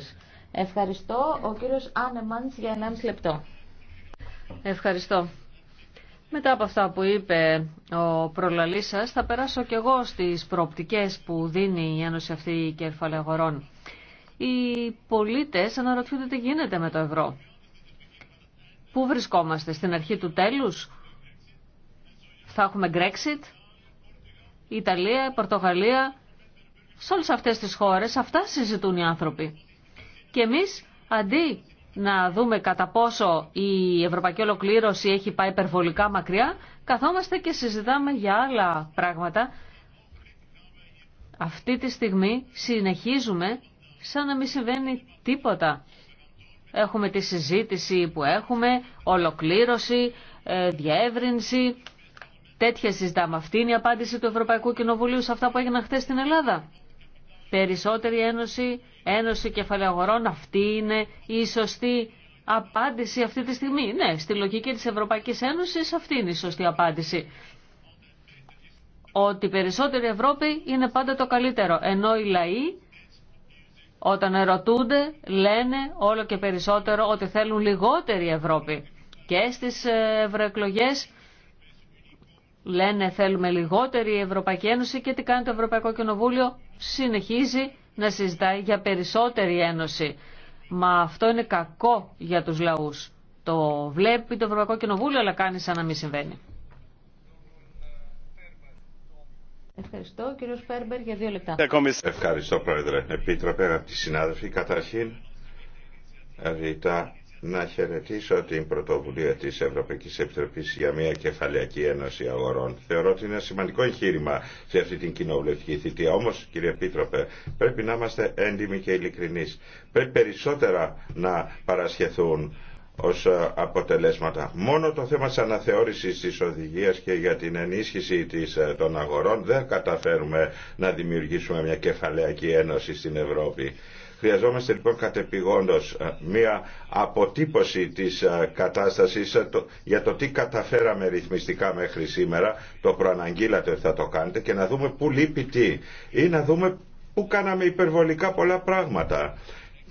Ευχαριστώ. Ο κύριος Άνεμανς για 1,5 λεπτό. Ευχαριστώ. Μετά από αυτά που είπε ο προλαλής σας, θα περάσω και εγώ στις προοπτικές που δίνει η Ένωση αυτή η αγορών. Οι πολίτες αναρωτιούνται τι γίνεται με το ευρώ. Πού βρισκόμαστε, στην αρχή του τέλους? Θα έχουμε Brexit, Ιταλία, Πορτογαλία, σε όλες αυτές τις χώρες αυτά συζητούν οι άνθρωποι. Και εμείς αντί να δούμε κατά πόσο η ευρωπαϊκή ολοκλήρωση έχει πάει υπερβολικά μακριά, καθόμαστε και συζητάμε για άλλα πράγματα. Αυτή τη στιγμή συνεχίζουμε σαν να μην συμβαίνει τίποτα. Έχουμε τη συζήτηση που έχουμε, ολοκλήρωση, ε, διεύρυνση. Τέτοια συζητάμε. Αυτή είναι η απάντηση του Ευρωπαϊκού Κοινοβουλίου σε αυτά που έγιναν χθε στην Ελλάδα. Περισσότερη ένωση, ένωση κεφαλαιογορών, αυτή είναι η σωστή απάντηση αυτή τη στιγμή. Ναι, στη λογική της Ευρωπαϊκής Ένωσης αυτή είναι η σωστή απάντηση. Ότι περισσότερη Ευρώπη είναι πάντα το καλύτερο, ενώ οι λαοί όταν ερωτούνται λένε όλο και περισσότερο ότι θέλουν λιγότερη Ευρώπη. Και στις ε, ευρωεκλογέ λένε θέλουμε λιγότερη Ευρωπαϊκή Ένωση και τι κάνει το Ευρωπαϊκό Κοινοβούλιο συνεχίζει να συζητάει για περισσότερη ένωση. Μα αυτό είναι κακό για τους λαούς. Το βλέπει το Ευρωπαϊκό Κοινοβούλιο αλλά κάνει σαν να μην συμβαίνει. Ευχαριστώ. Κύριο Φέρμπερ για δύο λεπτά. Ευχαριστώ Πρόεδρε. Επίτροπε, αγαπητοί συνάδελφοι, καταρχήν ρητά να χαιρετήσω την πρωτοβουλία της Ευρωπαϊκής Επιτροπής για μια κεφαλιακή ένωση αγορών. Θεωρώ ότι είναι σημαντικό εγχείρημα σε αυτή την κοινοβουλευτική θητεία. Όμως, κύριε Επίτροπε, πρέπει να είμαστε έντιμοι και ειλικρινεί. Πρέπει περισσότερα να παρασχεθούν ως ε, αποτελέσματα. Μόνο το θέμα της αναθεώρησης της οδηγίας και για την ενίσχυση της, ε, των αγορών δεν καταφέρουμε να δημιουργήσουμε μια κεφαλαιακή ένωση στην Ευρώπη. Χρειαζόμαστε λοιπόν κατεπηγόντως ε, μία αποτύπωση της κατάστασης για το τι καταφέραμε ρυθμιστικά μέχρι σήμερα, το προαναγγείλατε ότι θα το κάνετε και να δούμε πού λείπει τι ή να δούμε πού κάναμε υπερβολικά πολλά πράγματα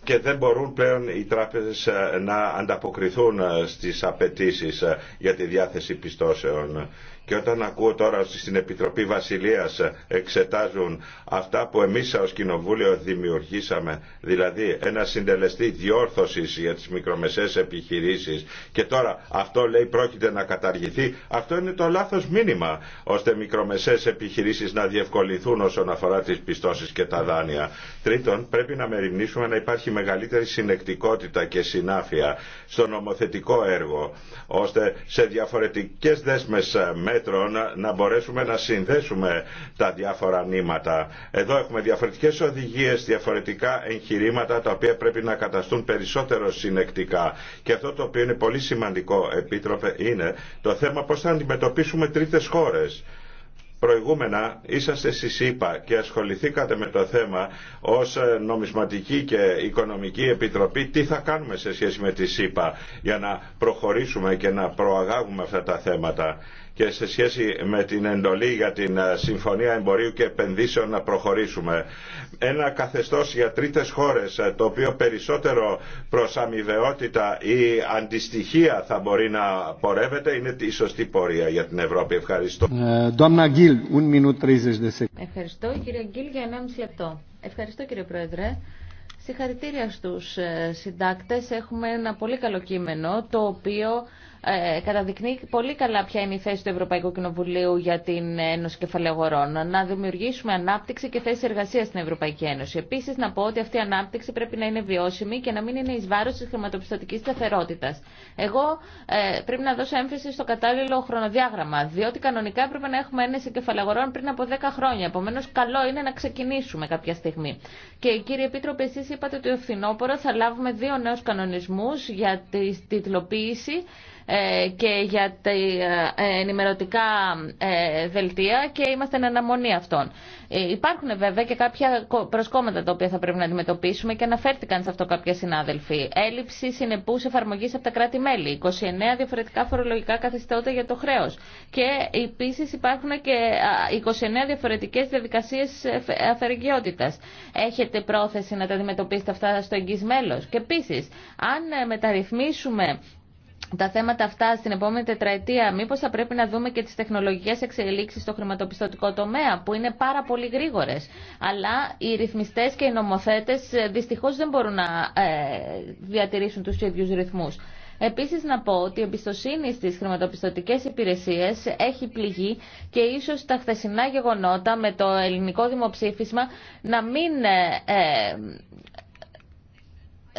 και δεν μπορούν πλέον οι τράπεζες ε, να ανταποκριθούν ε, στις απαιτήσεις ε, για τη διάθεση πιστώσεων. Και όταν ακούω τώρα στην Επιτροπή Βασιλείας ε, εξετάζουν αυτά που εμείς ως Κοινοβούλιο δημιουργήσαμε, δηλαδή ένα συντελεστή διόρθωσης για τις μικρομεσαίες επιχειρήσεις και τώρα αυτό λέει πρόκειται να καταργηθεί, αυτό είναι το λάθος μήνυμα ώστε μικρομεσαίες επιχειρήσεις να διευκολυνθούν όσον αφορά τις πιστώσεις και τα δάνεια. Τρίτον, πρέπει να μεριμνήσουμε να υπάρχει μεγαλύτερη συνεκτικότητα και συνάφεια στο νομοθετικό έργο, ώστε σε διαφορετικές δέσμες μέσα ε, να μπορέσουμε να συνδέσουμε τα διάφορα νήματα. Εδώ έχουμε διαφορετικές οδηγίες, διαφορετικά εγχειρήματα τα οποία πρέπει να καταστούν περισσότερο συνεκτικά. Και αυτό το οποίο είναι πολύ σημαντικό, Επίτροπε, είναι το θέμα πώς θα αντιμετωπίσουμε τρίτες χώρες προηγούμενα είσαστε στη ΣΥΠΑ και ασχοληθήκατε με το θέμα ως ε, νομισματική και οικονομική επιτροπή τι θα κάνουμε σε σχέση με τη ΣΥΠΑ για να προχωρήσουμε και να προαγάγουμε αυτά τα θέματα και σε σχέση με την εντολή για την ε, Συμφωνία Εμπορίου και Επενδύσεων να προχωρήσουμε. Ένα καθεστώς για τρίτες χώρες ε, το οποίο περισσότερο προς αμοιβαιότητα ή αντιστοιχεία θα μπορεί να πορεύεται είναι η σωστή πορεία για την Ευρώπη. Ευχαριστώ. Ε, Ευχαριστώ κύριε Γκίλ για 1,5 λεπτό. Ευχαριστώ κύριε Πρόεδρε. Συγχαρητήρια στους συντάκτες. Έχουμε ένα πολύ καλό κείμενο το οποίο ε, καταδεικνύει πολύ καλά ποια είναι η θέση του Ευρωπαϊκού Κοινοβουλίου για την Ένωση Κεφαλαίου Να δημιουργήσουμε ανάπτυξη και θέση εργασία στην Ευρωπαϊκή Ένωση. Επίση, να πω ότι αυτή η ανάπτυξη πρέπει να είναι βιώσιμη και να μην είναι ει βάρο τη χρηματοπιστωτική σταθερότητα. Εγώ ε, πρέπει να δώσω έμφαση στο κατάλληλο χρονοδιάγραμμα, διότι κανονικά πρέπει να έχουμε Ένωση Κεφαλαίου πριν από 10 χρόνια. Επομένω, καλό είναι να ξεκινήσουμε κάποια στιγμή. Και κύριε Επίτροπε, εσεί είπατε ότι ο φθινόπωρο θα λάβουμε δύο νέου κανονισμού για τη τιτλοποίηση ε, και για τα ε, ενημερωτικά ε, δελτία και είμαστε εν αναμονή αυτών. Υπάρχουν βέβαια και κάποια προσκόμματα τα οποία θα πρέπει να αντιμετωπίσουμε και αναφέρθηκαν σε αυτό κάποια συνάδελφοι. Έλλειψη συνεπού εφαρμογή από τα κράτη-μέλη. 29 διαφορετικά φορολογικά καθεστώτα για το χρέο. Και επίση υπάρχουν και 29 διαφορετικέ διαδικασίε αφαιρεγγιότητα. Έχετε πρόθεση να τα αντιμετωπίσετε αυτά στο εγγύ μέλο. Και επίση, αν μεταρρυθμίσουμε τα θέματα αυτά στην επόμενη τετραετία, μήπως θα πρέπει να δούμε και τις τεχνολογικέ εξελίξει στο χρηματοπιστωτικό τομέα, που είναι πάρα πολύ γρήγορε. Αλλά οι ρυθμιστές και οι νομοθέτες ε, δυστυχώς δεν μπορούν να ε, διατηρήσουν τους ίδιου ρυθμούς. Επίσης να πω ότι η εμπιστοσύνη στις χρηματοπιστωτικές υπηρεσίες έχει πληγεί και ίσως τα χθεσινά γεγονότα με το ελληνικό δημοψήφισμα να μην ε,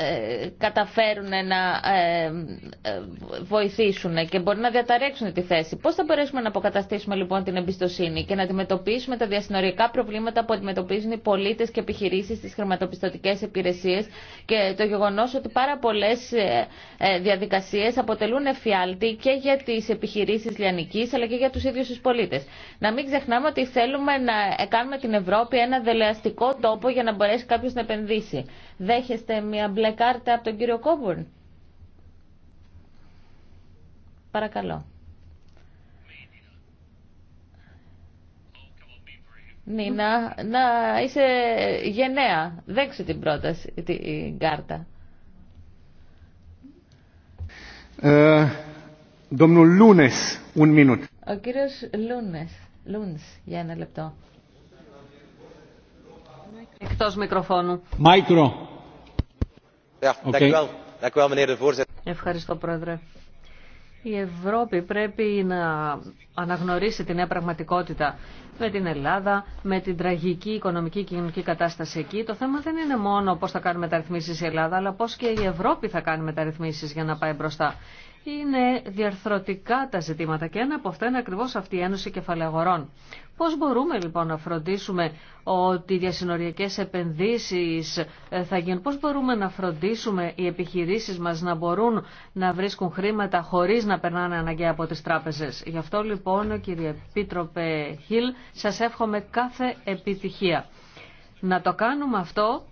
ε, καταφέρουν να ε, ε, βοηθήσουν και μπορεί να διαταρέξουν τη θέση. Πώς θα μπορέσουμε να αποκαταστήσουμε λοιπόν την εμπιστοσύνη και να αντιμετωπίσουμε τα διασυνοριακά προβλήματα που αντιμετωπίζουν οι πολίτες και επιχειρήσεις στις χρηματοπιστωτικές υπηρεσίες και το γεγονός ότι πάρα πολλές διαδικασίες αποτελούν εφιάλτη και για τις επιχειρήσεις λιανικής αλλά και για τους ίδιους τους πολίτες. Να μην ξεχνάμε ότι θέλουμε να κάνουμε την Ευρώπη ένα δελεαστικό τόπο για να μπορέσει κάποιο να επενδύσει. Δέχεστε μια μπλε κάρτα από τον κύριο Κόμπορν. Παρακαλώ. Νίνα, να είσαι γενναία. Δέξε την πρόταση, την κάρτα. Δομνού ε, Λούνες, λεπτό. Ο κύριος Λούνες, Λούνες, για ένα λεπτό. Εκτός μικροφώνου. Μάικρο. Ευχαριστώ, Πρόεδρε. Η Ευρώπη πρέπει να αναγνωρίσει την νέα πραγματικότητα με την Ελλάδα, με την τραγική οικονομική και κοινωνική κατάσταση εκεί. Το θέμα δεν είναι μόνο πώς θα κάνει μεταρρυθμίσει η Ελλάδα, αλλά πώς και η Ευρώπη θα κάνει μεταρρυθμίσει για να πάει μπροστά είναι διαρθρωτικά τα ζητήματα και ένα από αυτά είναι ακριβώς αυτή η Ένωση Κεφαλαιογορών. Πώς μπορούμε λοιπόν να φροντίσουμε ότι οι διασυνοριακές επενδύσεις ε, θα γίνουν, πώς μπορούμε να φροντίσουμε οι επιχειρήσεις μας να μπορούν να βρίσκουν χρήματα χωρίς να περνάνε αναγκαία από τις τράπεζες. Γι' αυτό λοιπόν κύριε Επίτροπε Χιλ σας εύχομαι κάθε επιτυχία. Να το κάνουμε αυτό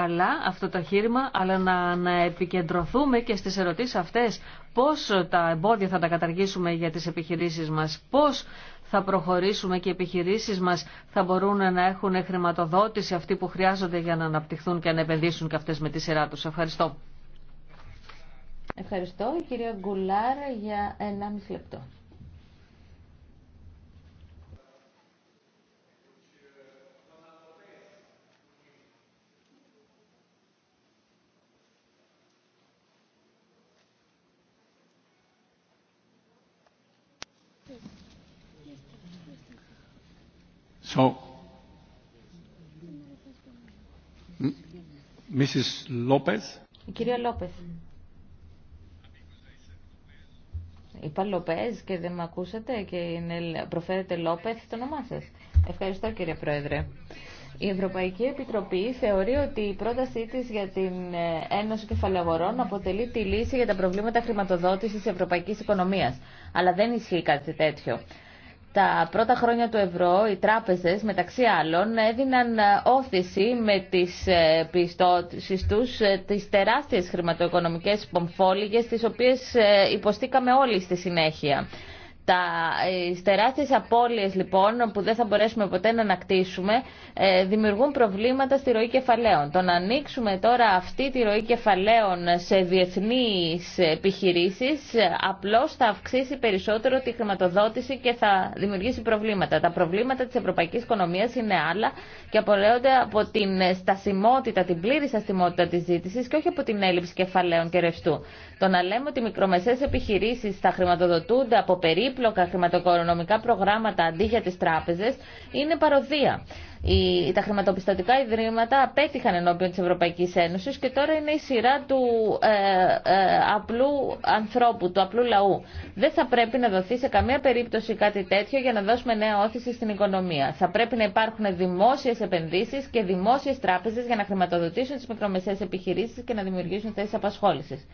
καλά αυτό το χείρημα, αλλά να, να επικεντρωθούμε και στις ερωτήσεις αυτές. Πώς τα εμπόδια θα τα καταργήσουμε για τις επιχειρήσεις μας, πώς θα προχωρήσουμε και οι επιχειρήσεις μας θα μπορούν να έχουν χρηματοδότηση αυτοί που χρειάζονται για να αναπτυχθούν και να επενδύσουν και αυτές με τη σειρά τους. Ευχαριστώ. Ευχαριστώ. κύριε κυρία για 1,5 λεπτό. So, Mrs. Lopez. Η κυρία Λόπεζ. Είπα Λοπέζ και δεν με ακούσατε και είναι, προφέρετε Λόπεθ το όνομά σας. Ευχαριστώ κύριε Πρόεδρε. Η Ευρωπαϊκή Επιτροπή θεωρεί ότι η πρότασή τη για την ε, Ένωση Κεφαλαγορών αποτελεί τη λύση για τα προβλήματα χρηματοδότηση τη ευρωπαϊκή οικονομία. Αλλά δεν ισχύει κάτι τέτοιο τα πρώτα χρόνια του ευρώ οι τράπεζες μεταξύ άλλων έδιναν ε, όθηση με τις ε, πιστώσεις τους ε, τις τεράστιες χρηματοοικονομικές πομφόλιγες τις οποίες υποστήκαμε όλοι στη συνέχεια. Τα ε, τεράστιες απώλειες λοιπόν που δεν θα μπορέσουμε ποτέ να ανακτήσουμε ε, δημιουργούν προβλήματα στη ροή κεφαλαίων. Το να ανοίξουμε τώρα αυτή τη ροή κεφαλαίων σε διεθνείς επιχειρήσεις ε, απλώς θα αυξήσει περισσότερο τη χρηματοδότηση και θα δημιουργήσει προβλήματα. Τα προβλήματα της ευρωπαϊκής οικονομίας είναι άλλα και απορρέονται από την στασιμότητα, την πλήρη στασιμότητα τη ζήτηση και όχι από την έλλειψη κεφαλαίων και ρευστού. Το να λέμε ότι οι μικρομεσαίες επιχειρήσεις θα χρηματοδοτούνται από περίπλοκα χρηματοοικονομικά προγράμματα αντί για τις τράπεζες είναι παροδία. Οι, τα χρηματοπιστωτικά ιδρύματα απέτυχαν ενώπιον της Ευρωπαϊκής Ένωσης και τώρα είναι η σειρά του ε, ε, απλού ανθρώπου, του απλού λαού. Δεν θα πρέπει να δοθεί σε καμία περίπτωση κάτι τέτοιο για να δώσουμε νέα όθηση στην οικονομία. Θα πρέπει να υπάρχουν δημόσιες επενδύσεις και δημόσιες τράπεζες για να χρηματοδοτήσουν τις μικρομεσαίες επιχειρήσεις και να δημιουργήσουν θέσεις απασχόλησης.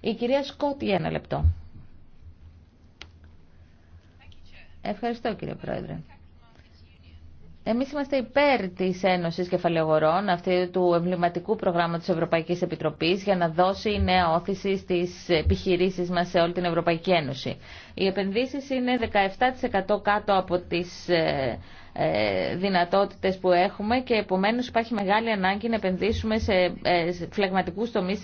Η κυρία Σκότ, για ένα λεπτό. Ευχαριστώ κύριε Πρόεδρε. Εμείς είμαστε υπέρ της Ένωσης Κεφαλαιογορών, αυτή του εμβληματικού προγράμματος της Ευρωπαϊκής Επιτροπής, για να δώσει νέα όθηση στις επιχειρήσεις μας σε όλη την Ευρωπαϊκή Ένωση. Οι επενδύσεις είναι 17% κάτω από τις ε, ε, δυνατότητες που έχουμε και επομένως υπάρχει μεγάλη ανάγκη να επενδύσουμε σε ε, φλεγματικούς τομείς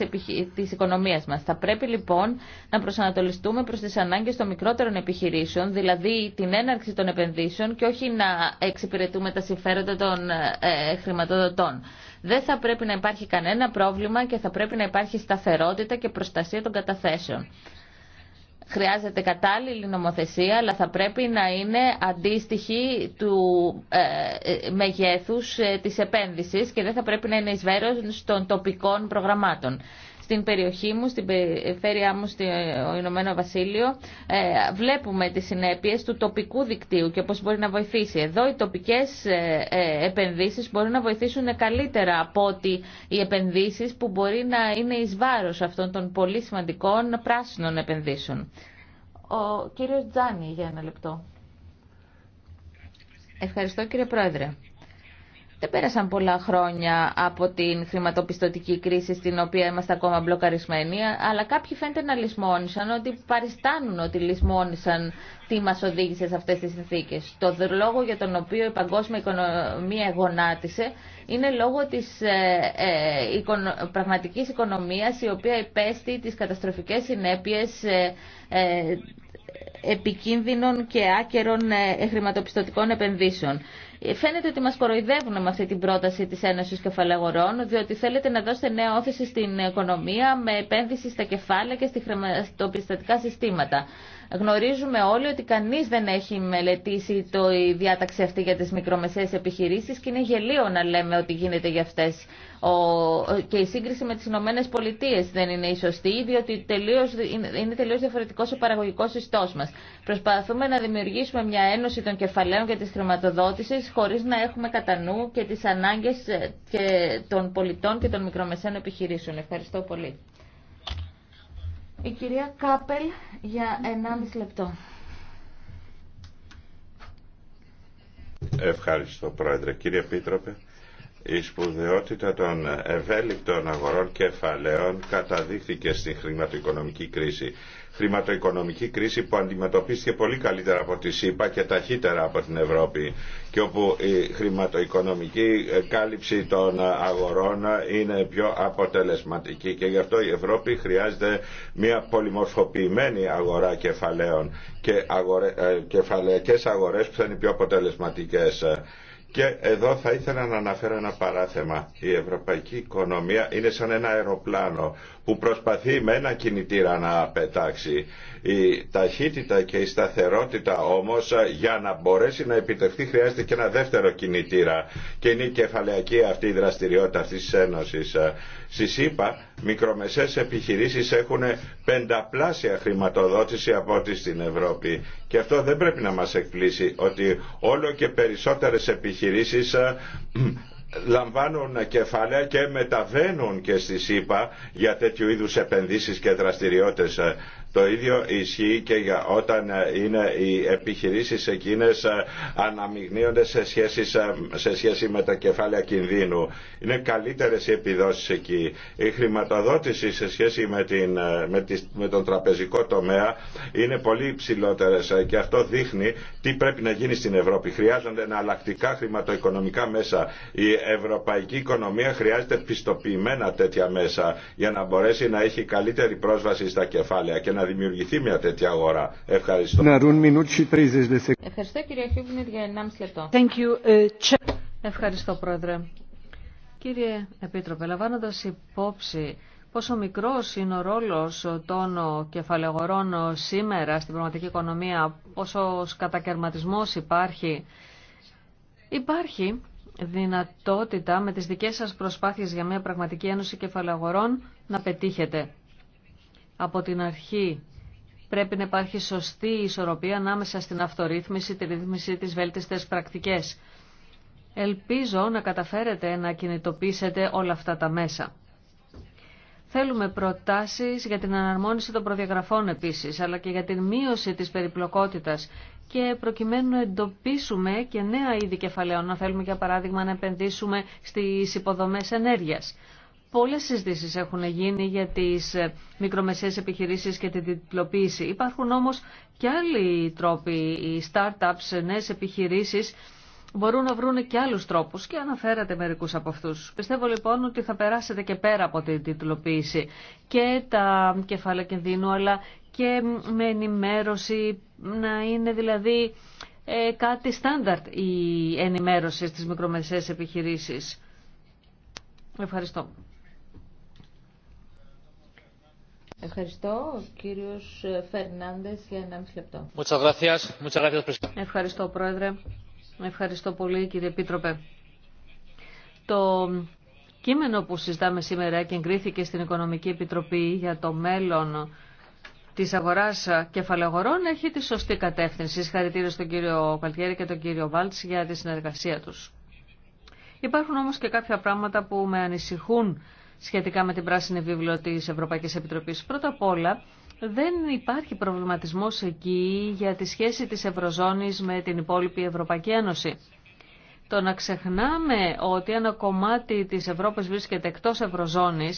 της οικονομίας μας. Θα πρέπει λοιπόν να προσανατολιστούμε προς τις ανάγκες των μικρότερων επιχειρήσεων, δηλαδή την έναρξη των επενδύσεων και όχι να εξυπηρετούμε τα συμφέροντα των ε, χρηματοδοτών. Δεν θα πρέπει να υπάρχει κανένα πρόβλημα και θα πρέπει να υπάρχει σταθερότητα και προστασία των καταθέσεων. Χρειάζεται κατάλληλη νομοθεσία, αλλά θα πρέπει να είναι αντίστοιχη του ε, ε, μεγέθους ε, της επένδυσης και δεν θα πρέπει να είναι εις των τοπικών προγραμμάτων στην περιοχή μου, στην περιφέρειά μου, στο Ηνωμένο Βασίλειο, ε, βλέπουμε τις συνέπειες του τοπικού δικτύου και πώς μπορεί να βοηθήσει. Εδώ οι τοπικές ε, ε, επενδύσεις μπορεί να βοηθήσουν καλύτερα από ότι οι επενδύσεις που μπορεί να είναι εις βάρος αυτών των πολύ σημαντικών πράσινων επενδύσεων. Ο κύριος Τζάνι για ένα λεπτό. Ευχαριστώ κύριε Πρόεδρε. Δεν πέρασαν πολλά χρόνια από την χρηματοπιστωτική κρίση στην οποία είμαστε ακόμα μπλοκαρισμένοι, αλλά κάποιοι φαίνεται να λησμόνισαν, ότι παριστάνουν ότι λησμόνισαν τι μα οδήγησε σε αυτές τις συνθήκες. Το λόγο για τον οποίο η παγκόσμια οικονομία γονάτισε είναι λόγω της ε, ε, πραγματικής οικονομίας η οποία υπέστη τις καταστροφικές συνέπειες ε, ε, επικίνδυνων και άκερων ε, χρηματοπιστωτικών επενδύσεων. Φαίνεται ότι μας κοροϊδεύουν με αυτή την πρόταση της Ένωσης Κεφαλαγορών, διότι θέλετε να δώσετε νέα όθηση στην οικονομία με επένδυση στα κεφάλαια και στα χρηματοπιστωτικά συστήματα. Γνωρίζουμε όλοι ότι κανείς δεν έχει μελετήσει το, η διάταξη αυτή για τις μικρομεσαίες επιχειρήσεις και είναι γελίο να λέμε ότι γίνεται για αυτές. Ο, και η σύγκριση με τις Ηνωμένε Πολιτείες δεν είναι η σωστή, διότι τελείως, είναι τελείως διαφορετικός ο παραγωγικός ιστός μας. Προσπαθούμε να δημιουργήσουμε μια ένωση των κεφαλαίων και της χρηματοδότησης χωρίς να έχουμε κατά νου και τις ανάγκες ε, και των πολιτών και των μικρομεσαίων επιχειρήσεων. Ευχαριστώ πολύ. Η κυρία Κάπελ για 1,5 λεπτό. Ευχαριστώ Πρόεδρε. Κύριε Πίτροπε, η σπουδαιότητα των ευέλικτων αγορών κεφαλαίων καταδείχθηκε στην χρηματοοικονομική κρίση χρηματοοικονομική κρίση που αντιμετωπίστηκε πολύ καλύτερα από τη ΣΥΠΑ και ταχύτερα από την Ευρώπη και όπου η χρηματοοικονομική ε, κάλυψη των αγορών είναι πιο αποτελεσματική και γι' αυτό η Ευρώπη χρειάζεται μια πολυμορφοποιημένη αγορά κεφαλαίων και αγορε... Ε, κεφαλαίες αγορές που θα είναι πιο αποτελεσματικές. Και εδώ θα ήθελα να αναφέρω ένα παράθεμα. Η ευρωπαϊκή οικονομία είναι σαν ένα αεροπλάνο που προσπαθεί με ένα κινητήρα να πετάξει. Η ταχύτητα και η σταθερότητα όμως για να μπορέσει να επιτευχθεί χρειάζεται και ένα δεύτερο κινητήρα και είναι η κεφαλαιακή αυτή η δραστηριότητα αυτής της Ένωσης. Στη ΣΥΠΑ μικρομεσαίες επιχειρήσεις έχουν πενταπλάσια χρηματοδότηση από ό,τι στην Ευρώπη και αυτό δεν πρέπει να μας εκπλήσει ότι όλο και περισσότερες επιχειρήσεις επιχειρήσεις ε, λαμβάνουν κεφάλαια και μεταβαίνουν και στη ΣΥΠΑ για τέτοιου είδους επενδύσεις και δραστηριότητες. Το ίδιο ισχύει και για όταν ε, είναι οι επιχειρήσεις εκείνες ε, αναμειγνύονται σε σχέση, ε, σε σχέση με τα κεφάλαια κινδύνου. Είναι καλύτερες οι επιδόσεις εκεί. Η χρηματοδότηση σε σχέση με, την, με, με τον τραπεζικό τομέα είναι πολύ υψηλότερες και αυτό δείχνει τι πρέπει να γίνει στην Ευρώπη. Χρειάζονται εναλλακτικά χρηματοοικονομικά μέσα. Η ευρωπαϊκή οικονομία χρειάζεται πιστοποιημένα τέτοια μέσα για να μπορέσει να έχει καλύτερη πρόσβαση στα κεφάλαια να δημιουργηθεί μια τέτοια αγορά. Ευχαριστώ. Ευχαριστώ κύριε Χιούμπνερ για 1,5 λεπτό. Thank you. Ε, Ευχαριστώ πρόεδρε. Κύριε Επίτροπε, λαμβάνοντα υπόψη πόσο μικρός είναι ο ρόλος των κεφαλαιογορών σήμερα στην πραγματική οικονομία, πόσο κατακαιρματισμός υπάρχει, υπάρχει δυνατότητα με τις δικές σας προσπάθειες για μια πραγματική ένωση κεφαλαγορών να πετύχετε από την αρχή πρέπει να υπάρχει σωστή ισορροπία ανάμεσα στην αυτορύθμιση, τη ρύθμιση της βέλτιστες πρακτικές. Ελπίζω να καταφέρετε να κινητοποιήσετε όλα αυτά τα μέσα. Θέλουμε προτάσεις για την αναρμόνιση των προδιαγραφών επίσης, αλλά και για την μείωση της περιπλοκότητας και προκειμένου να εντοπίσουμε και νέα είδη κεφαλαίων, να θέλουμε για παράδειγμα να επενδύσουμε στις υποδομές ενέργειας. Πολλές συζητήσεις έχουν γίνει για τις ε, μικρομεσαίες επιχειρήσεις και την τυπλοποίηση. Υπάρχουν όμως και άλλοι τρόποι, οι startups, ε, νέες επιχειρήσεις μπορούν να βρουν και άλλους τρόπους και αναφέρατε μερικούς από αυτούς. Πιστεύω λοιπόν ότι θα περάσετε και πέρα από την τιτλοποίηση και τα κεφάλαια κινδύνου αλλά και με ενημέρωση να είναι δηλαδή ε, κάτι στάνταρτ η ενημέρωση στις μικρομεσαίες επιχειρήσεις. Ευχαριστώ. Ευχαριστώ. Ο κύριο Φερνάντε για 1,5 λεπτό. Ευχαριστώ Πρόεδρε. Ευχαριστώ πολύ κύριε Επίτροπε. Το κείμενο που συζητάμε σήμερα και εγκρίθηκε στην Οικονομική Επιτροπή για το μέλλον της αγοράς κεφαλαγορών έχει τη σωστή κατεύθυνση. Συγχαρητήρια στον κύριο Καλτιέρη και τον κύριο Βάλτς για τη συνεργασία του. Υπάρχουν όμως και κάποια πράγματα που με ανησυχούν σχετικά με την πράσινη βίβλο τη Ευρωπαϊκή Επιτροπή. Πρώτα απ' όλα, δεν υπάρχει προβληματισμός εκεί για τη σχέση τη Ευρωζώνης με την υπόλοιπη Ευρωπαϊκή Ένωση. Το να ξεχνάμε ότι ένα κομμάτι τη Ευρώπη βρίσκεται εκτό ευρωζώνη,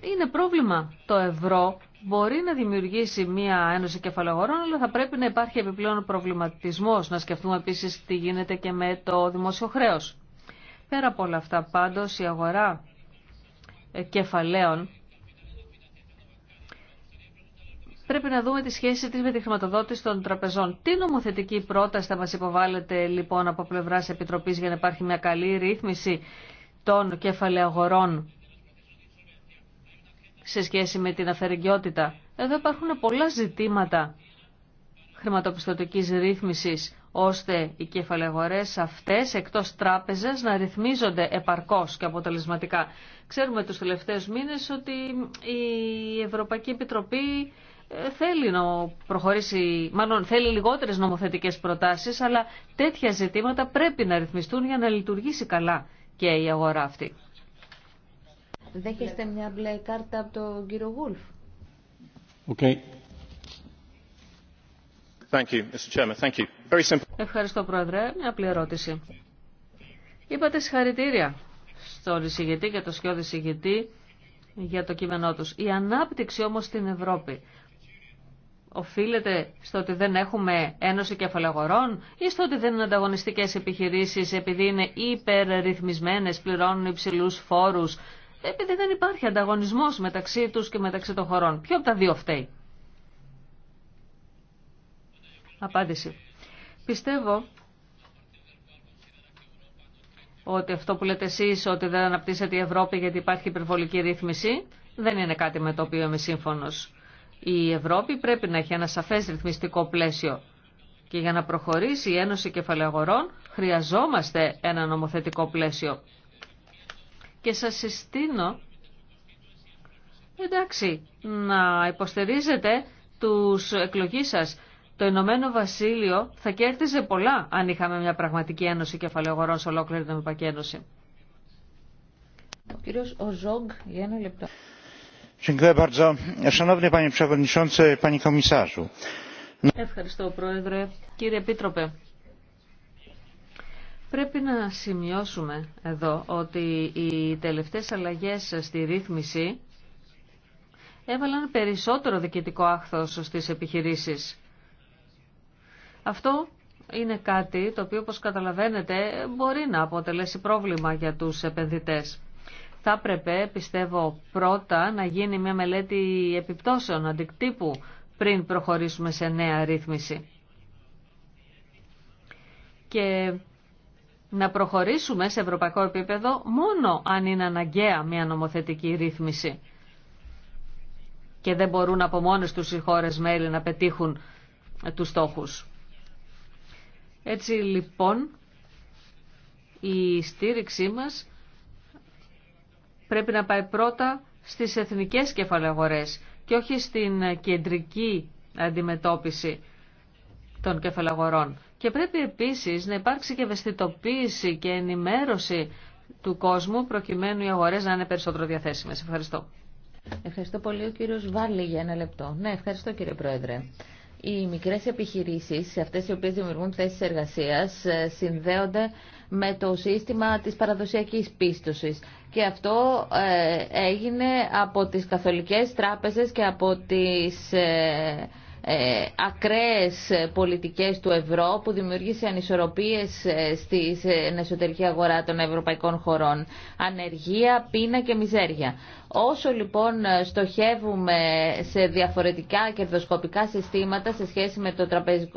είναι πρόβλημα. Το ευρώ μπορεί να δημιουργήσει μία ένωση κεφαλαγορών, αλλά θα πρέπει να υπάρχει επιπλέον προβληματισμό. Να σκεφτούμε επίση τι γίνεται και με το δημόσιο χρέο. Πέρα από όλα αυτά πάντως η αγορά κεφαλαίων πρέπει να δούμε τη σχέση της με τη χρηματοδότηση των τραπεζών. Τι νομοθετική πρόταση θα μας υποβάλλετε λοιπόν από πλευράς Επιτροπής για να υπάρχει μια καλή ρύθμιση των κεφαλαίων σε σχέση με την αφαιρεγγιότητα. Εδώ υπάρχουν πολλά ζητήματα χρηματοπιστωτικής ρύθμισης ώστε οι κεφαλαγορές αυτές εκτός τράπεζες να ρυθμίζονται επαρκώς και αποτελεσματικά. Ξέρουμε τους τελευταίους μήνες ότι η Ευρωπαϊκή Επιτροπή ε, θέλει να προχωρήσει, μάλλον θέλει λιγότερες νομοθετικές προτάσεις, αλλά τέτοια ζητήματα πρέπει να ρυθμιστούν για να λειτουργήσει καλά και η αγορά αυτή. Δέχεστε μια μπλε κάρτα από τον κύριο Γούλφ. Ευχαριστώ, Πρόεδρε. Μια απλή ερώτηση. Είπατε συγχαρητήρια στον εισηγητή και το σκιώδη εισηγητή για το κείμενό τους. Η ανάπτυξη όμως στην Ευρώπη οφείλεται στο ότι δεν έχουμε ένωση κεφαλαγορών ή στο ότι δεν είναι ανταγωνιστικές επιχειρήσεις επειδή είναι υπερρυθμισμένες, πληρώνουν υψηλούς φόρους, επειδή δεν υπάρχει ανταγωνισμός μεταξύ τους και μεταξύ των χωρών. Ποιο από τα δύο φταίει. Απάντηση. Πιστεύω ότι αυτό που λέτε εσείς ότι δεν αναπτύσσεται η Ευρώπη γιατί υπάρχει υπερβολική ρύθμιση δεν είναι κάτι με το οποίο είμαι σύμφωνος. Η Ευρώπη πρέπει να έχει ένα σαφές ρυθμιστικό πλαίσιο και για να προχωρήσει η Ένωση Κεφαλαιογορών χρειαζόμαστε ένα νομοθετικό πλαίσιο. Και σας συστήνω, εντάξει, να υποστηρίζετε τους εκλογείς σας το Ηνωμένο Βασίλειο θα κέρδιζε πολλά αν είχαμε μια πραγματική ένωση κεφαλαιογορών σε ολόκληρη την Ευρωπαϊκή Ένωση. Ευχαριστώ, Πρόεδρε. Κύριε Επίτροπε, πρέπει να σημειώσουμε εδώ ότι οι τελευταίες αλλαγές στη ρύθμιση έβαλαν περισσότερο διοικητικό άχθος στις επιχειρήσεις αυτό είναι κάτι το οποίο, όπως καταλαβαίνετε, μπορεί να αποτελέσει πρόβλημα για τους επενδυτές. Θα έπρεπε, πιστεύω, πρώτα να γίνει μια μελέτη επιπτώσεων αντικτύπου πριν προχωρήσουμε σε νέα ρύθμιση. Και να προχωρήσουμε σε ευρωπαϊκό επίπεδο μόνο αν είναι αναγκαία μια νομοθετική ρύθμιση. Και δεν μπορούν από μόνες τους οι χώρες μέλη να πετύχουν τους στόχους. Έτσι λοιπόν η στήριξή μας πρέπει να πάει πρώτα στις εθνικές κεφαλαγορές και όχι στην κεντρική αντιμετώπιση των κεφαλαγορών. Και πρέπει επίσης να υπάρξει και ευαισθητοποίηση και ενημέρωση του κόσμου προκειμένου οι αγορές να είναι περισσότερο διαθέσιμες. Ευχαριστώ. Ευχαριστώ πολύ ο κύριος Βάλλη για ένα λεπτό. Ναι, ευχαριστώ κύριε Πρόεδρε οι μικρές επιχειρήσεις, αυτές οι οποίες δημιουργούν θέσεις εργασίας, ε, συνδέονται με το σύστημα της παραδοσιακής πίστοσης. Και αυτό ε, έγινε από τις καθολικές τράπεζες και από τις ε, ακραίες πολιτικές του ευρώ που δημιούργησε ανισορροπίες στην εσωτερική αγορά των ευρωπαϊκών χωρών. Ανεργία, πείνα και μιζέρια. Όσο λοιπόν ε, στοχεύουμε σε διαφορετικά κερδοσκοπικά συστήματα σε σχέση με το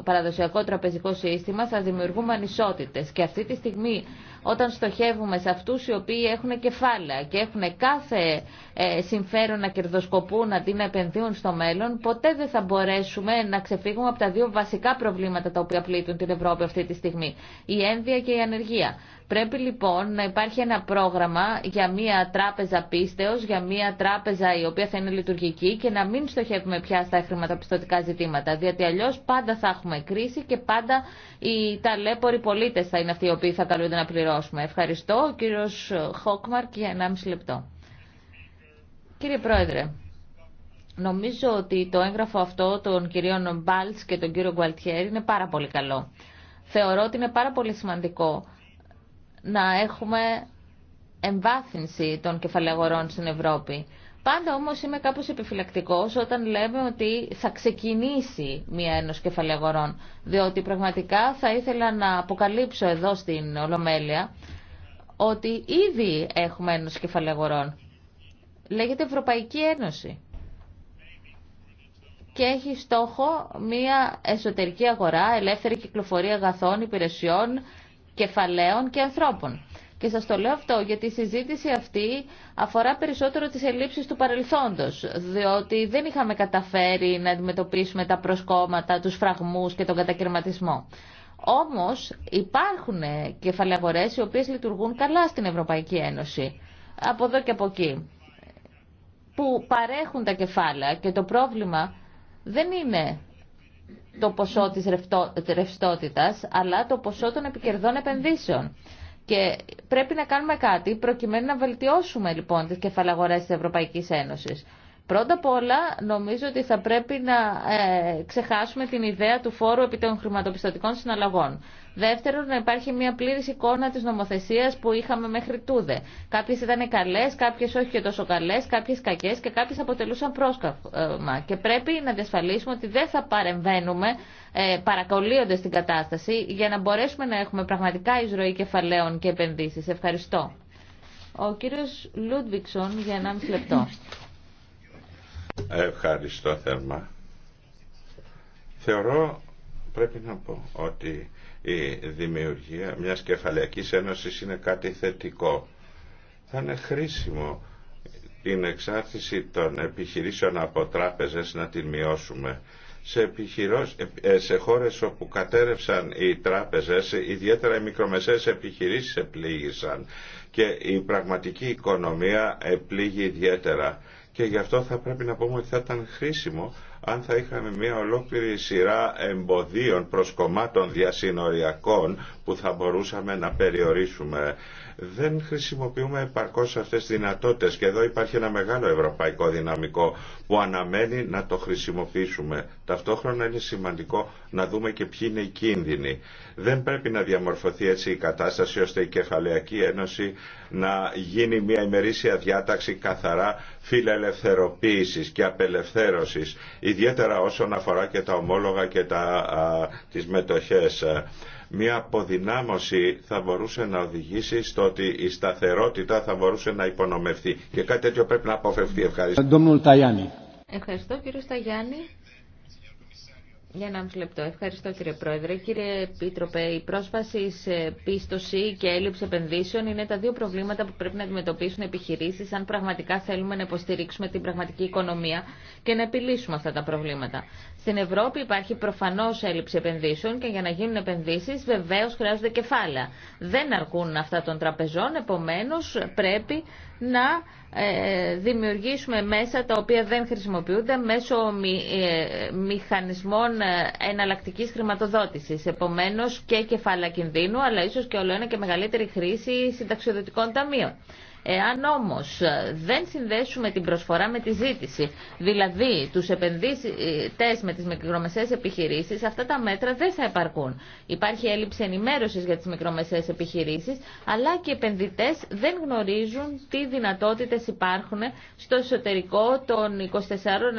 παραδοσιακό τραπεζικό σύστημα θα δημιουργούμε ανισότητες και αυτή τη στιγμή όταν στοχεύουμε σε αυτούς οι οποίοι έχουν κεφάλαια και έχουν κάθε ε, συμφέρον να κερδοσκοπούν αντί να επενδύουν στο μέλλον, ποτέ δεν θα μπορέσουμε να ξεφύγουμε από τα δύο βασικά προβλήματα τα οποία πλήττουν την Ευρώπη αυτή τη στιγμή. Η ένδυα και η ανεργία. Πρέπει λοιπόν να υπάρχει ένα πρόγραμμα για μια τράπεζα πίστεως, για μια τράπεζα η οποία θα είναι λειτουργική και να μην στοχεύουμε πια στα χρηματοπιστωτικά ζητήματα. Διότι αλλιώ πάντα θα έχουμε κρίση και πάντα οι ταλέποροι πολίτε θα είναι αυτοί οι οποίοι θα καλούνται να πληρώσουμε. Ευχαριστώ. Ο κύριο Χόκμαρκ για 1,5 λεπτό. Κύριε Πρόεδρε, νομίζω ότι το έγγραφο αυτό των κυρίων Μπάλτ και τον κύριο Γκουαλτιέρη είναι πάρα πολύ καλό. Θεωρώ ότι είναι πάρα πολύ σημαντικό να έχουμε εμβάθυνση των κεφαλαίων στην Ευρώπη. Πάντα όμως είμαι κάπως επιφυλακτικός όταν λέμε ότι θα ξεκινήσει μία ένωση κεφαλαίων διότι πραγματικά θα ήθελα να αποκαλύψω εδώ στην Ολομέλεια ότι ήδη έχουμε ένωση κεφαλαίων. Λέγεται Ευρωπαϊκή Ένωση και έχει στόχο μία εσωτερική αγορά, ελεύθερη κυκλοφορία αγαθών, υπηρεσιών, κεφαλαίων και ανθρώπων. Και σας το λέω αυτό γιατί η συζήτηση αυτή αφορά περισσότερο τις ελλείψεις του παρελθόντος, διότι δεν είχαμε καταφέρει να αντιμετωπίσουμε τα προσκόμματα, τους φραγμούς και τον κατακαιρματισμό. Όμως υπάρχουν κεφαλαγορές οι οποίες λειτουργούν καλά στην Ευρωπαϊκή Ένωση, από εδώ και από εκεί, που παρέχουν τα κεφάλαια και το πρόβλημα δεν είναι το ποσό της ρευστότητα, αλλά το ποσό των επικερδών επενδύσεων. Και πρέπει να κάνουμε κάτι προκειμένου να βελτιώσουμε λοιπόν τις κεφαλαγορές της Ευρωπαϊκής Ένωσης. Πρώτα απ' όλα νομίζω ότι θα πρέπει να ε, ξεχάσουμε την ιδέα του φόρου επί των χρηματοπιστωτικών συναλλαγών. Δεύτερον, να υπάρχει μια πλήρης εικόνα της νομοθεσίας που είχαμε μέχρι τούδε. Κάποιες ήταν καλές, κάποιες όχι και τόσο καλές, κάποιες κακές και κάποιες αποτελούσαν πρόσκαμα. Και πρέπει να διασφαλίσουμε ότι δεν θα παρεμβαίνουμε ε, παρακολύοντας την κατάσταση για να μπορέσουμε να έχουμε πραγματικά εισρωή κεφαλαίων και επενδύσεις. Ευχαριστώ. Ο κύριος Λούντβικσον για 1,5 λεπτό. Ευχαριστώ θερμά. Θεωρώ, πρέπει να πω, ότι η δημιουργία μιας κεφαλαιακής ένωσης είναι κάτι θετικό. Θα είναι χρήσιμο την εξάρτηση των επιχειρήσεων από τράπεζες να την μειώσουμε. Σε, ε, ε, σε χώρες όπου κατέρευσαν οι τράπεζες, ιδιαίτερα οι μικρομεσαίες επιχειρήσεις επλήγησαν και η πραγματική οικονομία επλήγει ιδιαίτερα και γι' αυτό θα πρέπει να πούμε ότι θα ήταν χρήσιμο αν θα είχαμε μια ολόκληρη σειρά εμποδίων κομμάτων διασυνοριακών που θα μπορούσαμε να περιορίσουμε δεν χρησιμοποιούμε επαρκώς αυτές τις δυνατότητες και εδώ υπάρχει ένα μεγάλο ευρωπαϊκό δυναμικό που αναμένει να το χρησιμοποιήσουμε. Ταυτόχρονα είναι σημαντικό να δούμε και ποιοι είναι οι κίνδυνοι. Δεν πρέπει να διαμορφωθεί έτσι η κατάσταση ώστε η Κεφαλαιακή Ένωση να γίνει μια ημερήσια διάταξη καθαρά φιλελευθεροποίησης και απελευθέρωσης, ιδιαίτερα όσον αφορά και τα ομόλογα και τα, τις μετοχές. Μια αποδυνάμωση θα μπορούσε να οδηγήσει στο ότι η σταθερότητα θα μπορούσε να υπονομευθεί. Και κάτι τέτοιο πρέπει να αποφευθεί. Ευχαριστώ. Ευχαριστώ κύριο Σταγιάννη. Για μισό λεπτό. Ευχαριστώ κύριε Πρόεδρε. Κύριε Επίτροπε, η πρόσβαση σε πίστοση και έλλειψη επενδύσεων είναι τα δύο προβλήματα που πρέπει να αντιμετωπίσουν επιχειρήσει αν πραγματικά θέλουμε να υποστηρίξουμε την πραγματική οικονομία και να επιλύσουμε αυτά τα προβλήματα. Στην Ευρώπη υπάρχει προφανώ έλλειψη επενδύσεων και για να γίνουν επενδύσει βεβαίω χρειάζονται κεφάλαια. Δεν αρκούν αυτά των τραπεζών, επομένω πρέπει να ε, δημιουργήσουμε μέσα τα οποία δεν χρησιμοποιούνται μέσω ε, μηχανισμών ε, εναλλακτικής χρηματοδότησης. Επομένως και κεφάλαια κινδύνου, αλλά ίσως και όλο ένα και μεγαλύτερη χρήση συνταξιοδοτικών ταμείων. Εάν όμως ε, δεν συνδέσουμε την προσφορά με τη ζήτηση, δηλαδή τους επενδύτες με τις μικρομεσαίες επιχειρήσεις, αυτά τα μέτρα δεν θα επαρκούν. Υπάρχει έλλειψη ενημέρωσης για τις μικρομεσαίες επιχειρήσεις, αλλά και οι επενδυτές δεν γνωρίζουν τι δυνατότητες υπάρχουν στο εσωτερικό των 24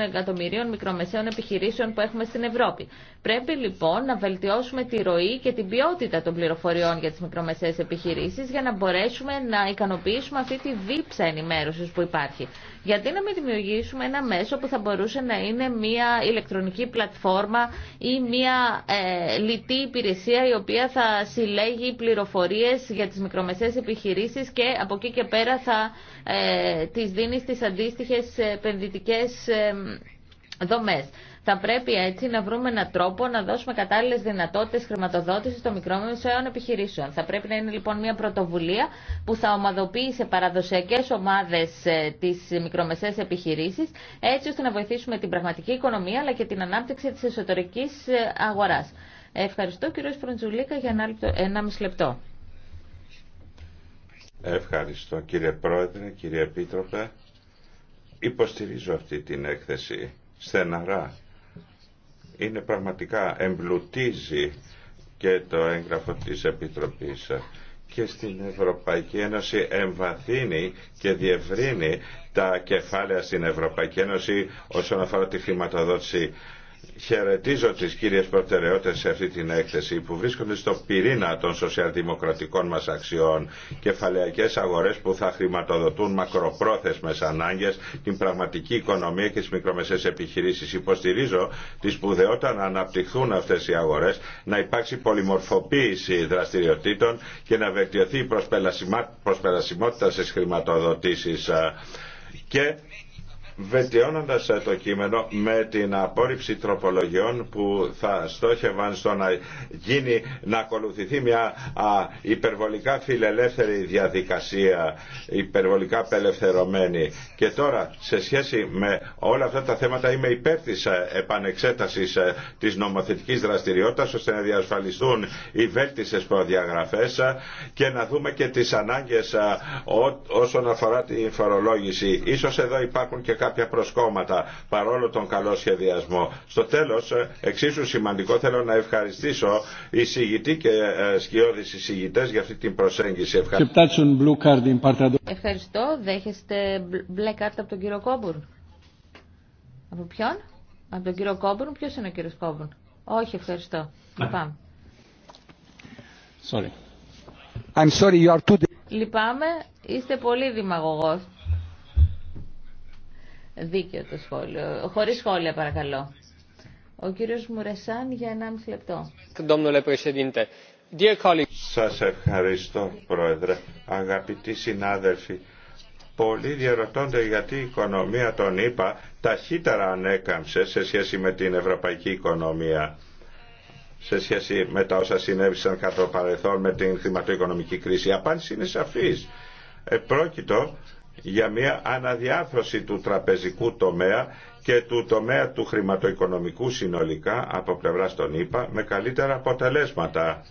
εκατομμυρίων μικρομεσαίων επιχειρήσεων που έχουμε στην Ευρώπη. Πρέπει λοιπόν να βελτιώσουμε τη ροή και την ποιότητα των πληροφοριών για τις μικρομεσαίες επιχειρήσεις για να μπορέσουμε να ικανοποιήσουμε αυτή τη δίψα ενημέρωσης που υπάρχει. Γιατί να μην δημιουργήσουμε ένα μέσο που θα μπορούσε να είναι μια ηλεκτρονική πλατφόρμα ή μια ε, λιτή υπηρεσία η οποία θα συλλέγει πληροφορίες για τις μικρομεσαίες επιχειρήσεις και από εκεί και πέρα θα ε, τις δίνει στις αντίστοιχες επενδυτικές ε, δομές. Θα πρέπει έτσι να βρούμε έναν τρόπο να δώσουμε κατάλληλε δυνατότητε χρηματοδότηση των μικρών επιχειρήσεων. Θα πρέπει να είναι λοιπόν μια πρωτοβουλία που θα ομαδοποιεί σε παραδοσιακέ ομάδε ε, τι μικρομεσαίε επιχειρήσει, έτσι ώστε να βοηθήσουμε την πραγματική οικονομία αλλά και την ανάπτυξη τη εσωτερική ε, αγορά. Ευχαριστώ κύριο Σπροντζουλίκα για ένα μισή λεπτό. Ευχαριστώ κύριε Πρόεδρε, κύριε Επίτροπε. Υποστηρίζω αυτή την έκθεση στεναρά είναι πραγματικά εμπλουτίζει και το έγγραφο της Επιτροπής και στην Ευρωπαϊκή Ένωση εμβαθύνει και διευρύνει τα κεφάλαια στην Ευρωπαϊκή Ένωση όσον αφορά τη χρηματοδότηση χαιρετίζω τι κύριες προτεραιότητε σε αυτή την έκθεση που βρίσκονται στο πυρήνα των σοσιαλδημοκρατικών μα αξιών Κεφαλαϊκέ αγορές που θα χρηματοδοτούν μακροπρόθεσμες ανάγκες την πραγματική οικονομία και τις μικρομεσαίες επιχειρήσεις υποστηρίζω τη σπουδαιότητα να αναπτυχθούν αυτές οι αγορές να υπάρξει πολυμορφοποίηση δραστηριοτήτων και να βελτιωθεί η προσπελασιμότητα στι χρηματοδοτήσει. Ε, και βελτιώνοντας ε, το κείμενο με την απόρριψη τροπολογιών που θα στόχευαν στο να γίνει να ακολουθηθεί μια υπερβολικά φιλελεύθερη διαδικασία υπερβολικά απελευθερωμένη και τώρα σε σχέση με όλα αυτά τα θέματα είμαι υπέρ της ε, επανεξέτασης ε, της νομοθετικής δραστηριότητας ώστε να διασφαλιστούν οι βέλτισες προδιαγραφές και να δούμε και τις ανάγκες όσον αφορά την φορολόγηση. Ίσως εδώ υπάρχουν και κάποια προσκόμματα παρόλο τον καλό σχεδιασμό. Στο τέλος, ε, εξίσου σημαντικό θέλω να ευχαριστήσω οι συγητή και ε, σκιώδεις εισηγητές για αυτή την προσέγγιση. Ευχαριστώ. Ευχαριστώ. Δέχεστε μπλε κάρτα από τον κύριο Κόμπουρ. Από ποιον? Από τον κύριο Κόμπουρν. Ποιος είναι ο κύριο Κόμπουρν? Όχι, ευχαριστώ. Λυπάμαι. Sorry. I'm sorry, you are too... Λυπάμαι, είστε πολύ δημαγωγός. Δίκαιο το σχόλιο. Χωρίς σχόλια παρακαλώ. Ο κύριος Μουρεσάν για 1,5 λεπτό. Σας ευχαριστώ Πρόεδρε. Αγαπητοί συνάδελφοι, πολλοί διαρωτώνται γιατί η οικονομία των ΗΠΑ ταχύτερα ανέκαμψε σε σχέση με την ευρωπαϊκή οικονομία σε σχέση με τα όσα συνέβησαν κατά το παρελθόν με την χρηματοοικονομική κρίση. Η απάντηση είναι σαφής. Επρόκειτο για μια αναδιάρθρωση του τραπεζικού τομέα και του τομέα του χρηματοοικονομικού συνολικά από πλευρά των ΗΠΑ με καλύτερα αποτελέσματα.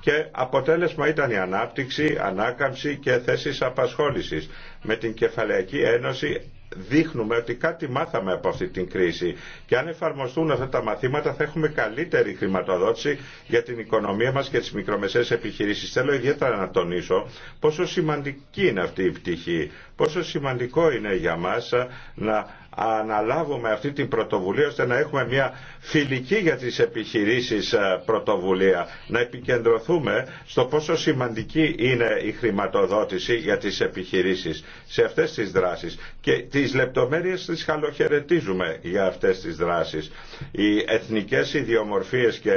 Και αποτέλεσμα ήταν η ανάπτυξη, ανάκαμψη και θέσεις απασχόλησης. Με την Κεφαλαϊκή Ένωση δείχνουμε ότι κάτι μάθαμε από αυτή την κρίση και αν εφαρμοστούν αυτά τα μαθήματα θα έχουμε καλύτερη χρηματοδότηση για την οικονομία μας και τις μικρομεσαίες επιχειρήσεις. Θέλω ιδιαίτερα να τονίσω πόσο σημαντική είναι αυτή η πτυχή, πόσο σημαντικό είναι για μας να αναλάβουμε αυτή την πρωτοβουλία ώστε να έχουμε μια φιλική για τις επιχειρήσεις ε, πρωτοβουλία. Να επικεντρωθούμε στο πόσο σημαντική είναι η χρηματοδότηση για τις επιχειρήσεις σε αυτές τις δράσεις και τις λεπτομέρειες τις χαλοχαιρετίζουμε για αυτές τις δράσεις. Οι εθνικές ιδιομορφίες και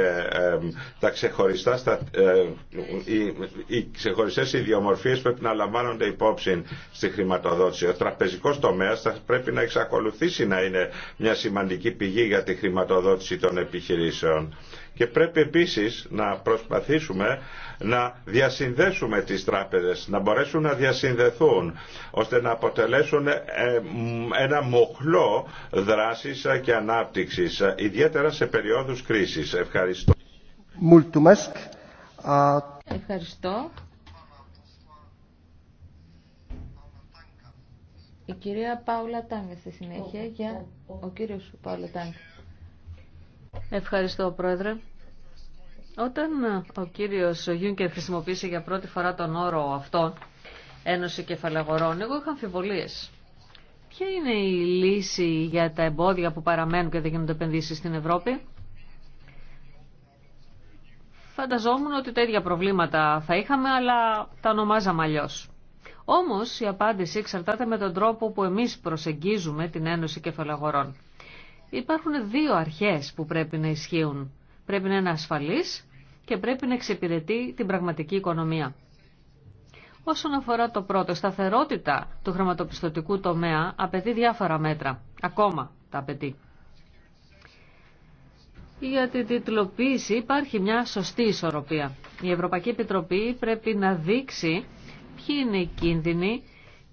τα ξεχωριστά ε, οι, οι ξεχωριστές ιδιομορφίες πρέπει να λαμβάνονται υπόψη στη χρηματοδότηση. Ο τραπεζικός τομέας θα πρέπει να εξακολουθεί εξακολουθήσει να είναι μια σημαντική πηγή για τη χρηματοδότηση των επιχειρήσεων. Και πρέπει επίσης να προσπαθήσουμε να διασυνδέσουμε τις τράπεζες, να μπορέσουν να διασυνδεθούν, ώστε να αποτελέσουν ε, ένα μοχλό δράσης και ανάπτυξης, ιδιαίτερα σε περιόδους κρίσης. Ευχαριστώ. Η κυρία Πάουλα στη συνέχεια για ο κύριος Πάουλα Ευχαριστώ Πρόεδρε. Όταν ε, ο κύριος Γιούνκερ χρησιμοποίησε για πρώτη φορά τον όρο αυτό, Ένωση Κεφαλαγορών, εγώ είχα αμφιβολίες. Ποια είναι η λύση για τα εμπόδια που παραμένουν και δεν γίνονται επενδύσεις στην Ευρώπη. Φανταζόμουν ότι τα προβλήματα θα είχαμε, αλλά τα ονομάζαμε αλλιώ. Όμως η απάντηση εξαρτάται με τον τρόπο που εμείς προσεγγίζουμε την Ένωση Κεφαλαγορών. Υπάρχουν δύο αρχές που πρέπει να ισχύουν. Πρέπει να είναι ασφαλής και πρέπει να εξυπηρετεί την πραγματική οικονομία. Όσον αφορά το πρώτο, σταθερότητα του χρηματοπιστωτικού τομέα απαιτεί διάφορα μέτρα. Ακόμα τα απαιτεί. Για την τιτλοποίηση υπάρχει μια σωστή ισορροπία. Η Ευρωπαϊκή Επιτροπή πρέπει να δείξει ποιοι είναι οι κίνδυνοι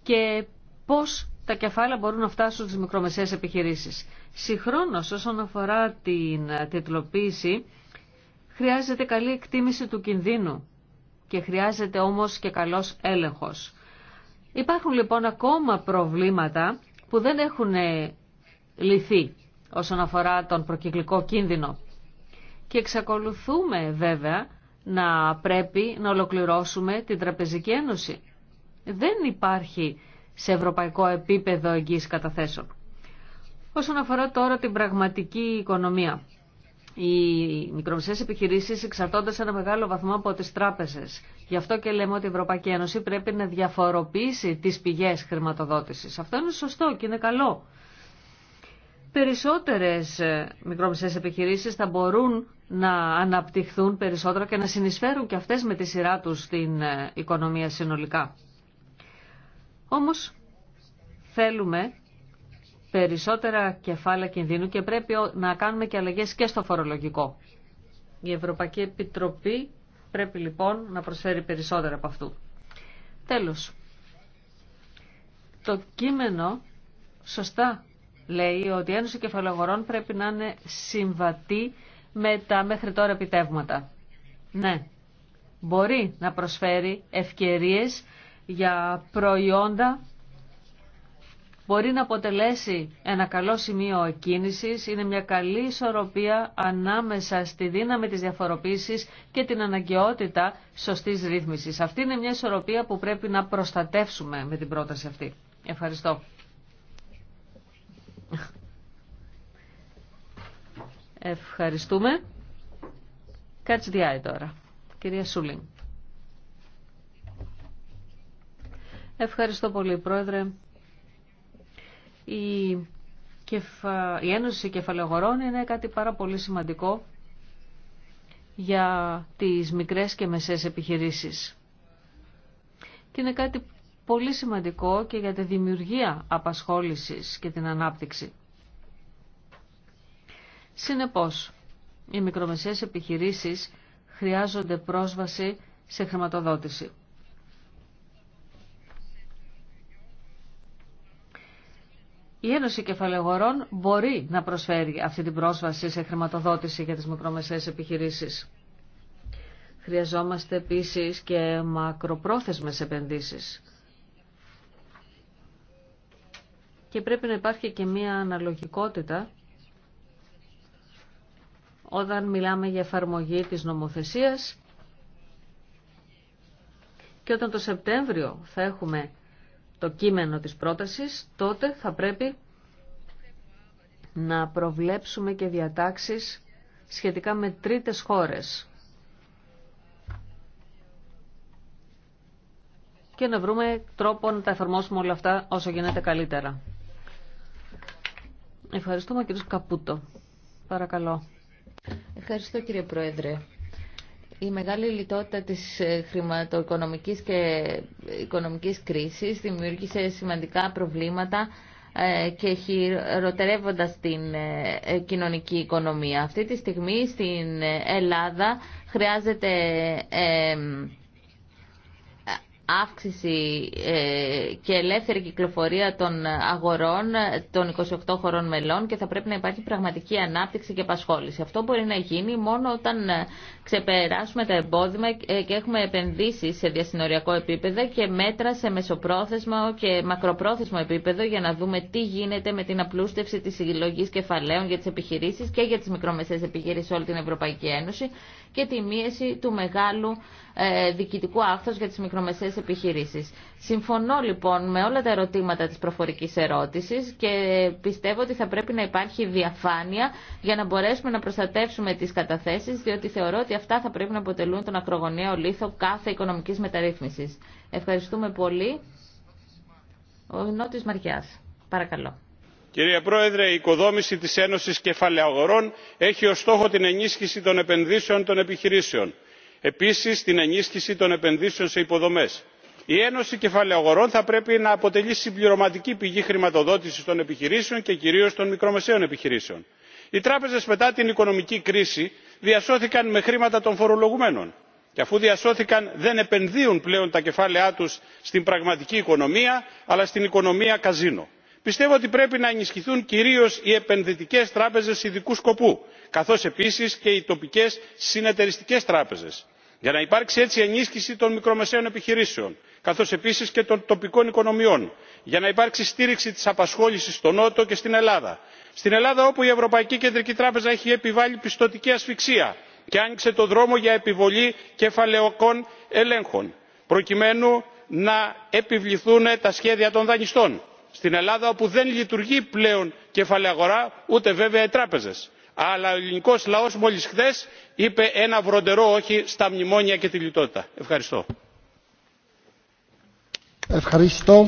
και πώς τα κεφάλαια μπορούν να φτάσουν στις μικρομεσαίες επιχειρήσεις. Συγχρόνως όσον αφορά την τετλοποίηση χρειάζεται καλή εκτίμηση του κινδύνου και χρειάζεται όμως και καλός έλεγχος. Υπάρχουν λοιπόν ακόμα προβλήματα που δεν έχουν λυθεί όσον αφορά τον προκυκλικό κίνδυνο. Και εξακολουθούμε βέβαια να πρέπει να ολοκληρώσουμε την Τραπεζική Ένωση. Δεν υπάρχει σε ευρωπαϊκό επίπεδο εγγύης καταθέσεων. Όσον αφορά τώρα την πραγματική οικονομία. Οι μικρομεσαίες επιχειρήσεις εξαρτώνται σε ένα μεγάλο βαθμό από τις τράπεζες. Γι' αυτό και λέμε ότι η Ευρωπαϊκή Ένωση πρέπει να διαφοροποιήσει τις πηγές χρηματοδότησης. Αυτό είναι σωστό και είναι καλό περισσότερες ε, μικρόμεσαίες επιχειρήσεις θα μπορούν να αναπτυχθούν περισσότερο και να συνεισφέρουν και αυτές με τη σειρά τους στην ε, οικονομία συνολικά. Όμως θέλουμε περισσότερα κεφάλαια κινδύνου και πρέπει να κάνουμε και αλλαγές και στο φορολογικό. Η Ευρωπαϊκή Επιτροπή πρέπει λοιπόν να προσφέρει περισσότερα από αυτού. Τέλος, το κείμενο σωστά λέει ότι η Ένωση Κεφαλογορών πρέπει να είναι συμβατή με τα μέχρι τώρα επιτεύγματα. Ναι, μπορεί να προσφέρει ευκαιρίες για προϊόντα, μπορεί να αποτελέσει ένα καλό σημείο εκκίνησης, είναι μια καλή ισορροπία ανάμεσα στη δύναμη της διαφοροποίησης και την αναγκαιότητα σωστής ρύθμισης. Αυτή είναι μια ισορροπία που πρέπει να προστατεύσουμε με την πρόταση αυτή. Ευχαριστώ. Ευχαριστούμε. Κάτσε eye τώρα. Κυρία Σούλιν. Ευχαριστώ πολύ, Πρόεδρε. Η, κεφα... Ένωση Κεφαλαιογορών είναι κάτι πάρα πολύ σημαντικό για τις μικρές και μεσές επιχειρήσεις. Και είναι κάτι πολύ σημαντικό και για τη δημιουργία απασχόλησης και την ανάπτυξη. Συνεπώς, οι μικρομεσαίες επιχειρήσεις χρειάζονται πρόσβαση σε χρηματοδότηση. Η Ένωση Κεφαλαιογορών μπορεί να προσφέρει αυτή την πρόσβαση σε χρηματοδότηση για τις μικρομεσαίες επιχειρήσεις. Χρειαζόμαστε επίσης και μακροπρόθεσμες επενδύσεις. και πρέπει να υπάρχει και μία αναλογικότητα όταν μιλάμε για εφαρμογή της νομοθεσίας και όταν το Σεπτέμβριο θα έχουμε το κείμενο της πρότασης, τότε θα πρέπει να προβλέψουμε και διατάξεις σχετικά με τρίτες χώρες. Και να βρούμε τρόπο να τα εφαρμόσουμε όλα αυτά όσο γίνεται καλύτερα. Ευχαριστούμε κύριε Καπούτο. Παρακαλώ. Ευχαριστώ κύριε Πρόεδρε. Η μεγάλη λιτότητα της ε, χρηματοοικονομικής και οικονομικής κρίσης δημιούργησε σημαντικά προβλήματα ε, και χειροτερεύοντας την ε, κοινωνική οικονομία. Αυτή τη στιγμή στην Ελλάδα χρειάζεται αύξηση ε, και ελεύθερη κυκλοφορία των αγορών των 28 χωρών μελών και θα πρέπει να υπάρχει πραγματική ανάπτυξη και απασχόληση. Αυτό μπορεί να γίνει μόνο όταν ε, ξεπεράσουμε τα εμπόδια ε, και έχουμε επενδύσει σε διασυνοριακό επίπεδο και μέτρα σε μεσοπρόθεσμο και μακροπρόθεσμο επίπεδο για να δούμε τι γίνεται με την απλούστευση τη συλλογή κεφαλαίων για τι επιχειρήσει και για τι μικρομεσαίες επιχειρήσει σε όλη την Ευρωπαϊκή Ένωση και τη μίεση του μεγάλου ε, διοικητικού άκθο για τι μικρομεσαίες επιχειρήσει. Συμφωνώ λοιπόν με όλα τα ερωτήματα της προφορικής ερώτησης και πιστεύω ότι θα πρέπει να υπάρχει διαφάνεια για να μπορέσουμε να προστατεύσουμε τις καταθέσεις διότι θεωρώ ότι αυτά θα πρέπει να αποτελούν τον ακρογωνιαίο λίθο κάθε οικονομικής μεταρρύθμισης. Ευχαριστούμε πολύ. Ο Νότης Μαριάς. Παρακαλώ. Κυρία Πρόεδρε, η οικοδόμηση της Ένωσης Κεφαλαιαγορών έχει ως στόχο την ενίσχυση των επενδύσεων των επιχειρήσεων. Επίσης, την ενίσχυση των επενδύσεων σε υποδομές η ένωση κεφαλαίου θα πρέπει να αποτελεί συμπληρωματική πηγή χρηματοδότησης των επιχειρήσεων και κυρίως των μικρομεσαίων επιχειρήσεων. οι τράπεζες μετά την οικονομική κρίση διασώθηκαν με χρήματα των φορολογουμένων και αφού διασώθηκαν δεν επενδύουν πλέον τα κεφάλαιά τους στην πραγματική οικονομία αλλά στην οικονομία καζίνο. πιστεύω ότι πρέπει να ενισχυθούν κυρίως οι επενδυτικές τράπεζες ειδικού σκοπού καθώς επίσης και οι τοπικές συνεταιριστικές τράπεζες. για να υπάρξει έτσι ενίσχυση των μικρομεσαίων επιχειρήσεων καθώς επίσης και των τοπικών οικονομιών για να υπάρξει στήριξη της απασχόλησης στο νότο και στην ελλάδα στην ελλάδα όπου η ευρωπαϊκή κεντρική τράπεζα έχει επιβάλει πιστωτική ασφυξία και άνοιξε το δρόμο για επιβολή κεφαλαιακών ελέγχων προκειμένου να επιβληθούν τα σχέδια των δανειστών στην ελλάδα όπου δεν λειτουργεί πλέον κεφαλαία αγορά ούτε βέβαια οι Τράπεζε, αλλά ο ελληνικό λαό μόλι χθε είπε ένα βροντερό όχι στα μνημόνια και τη λιτότητα. ευχαριστώ. Ευχαριστώ.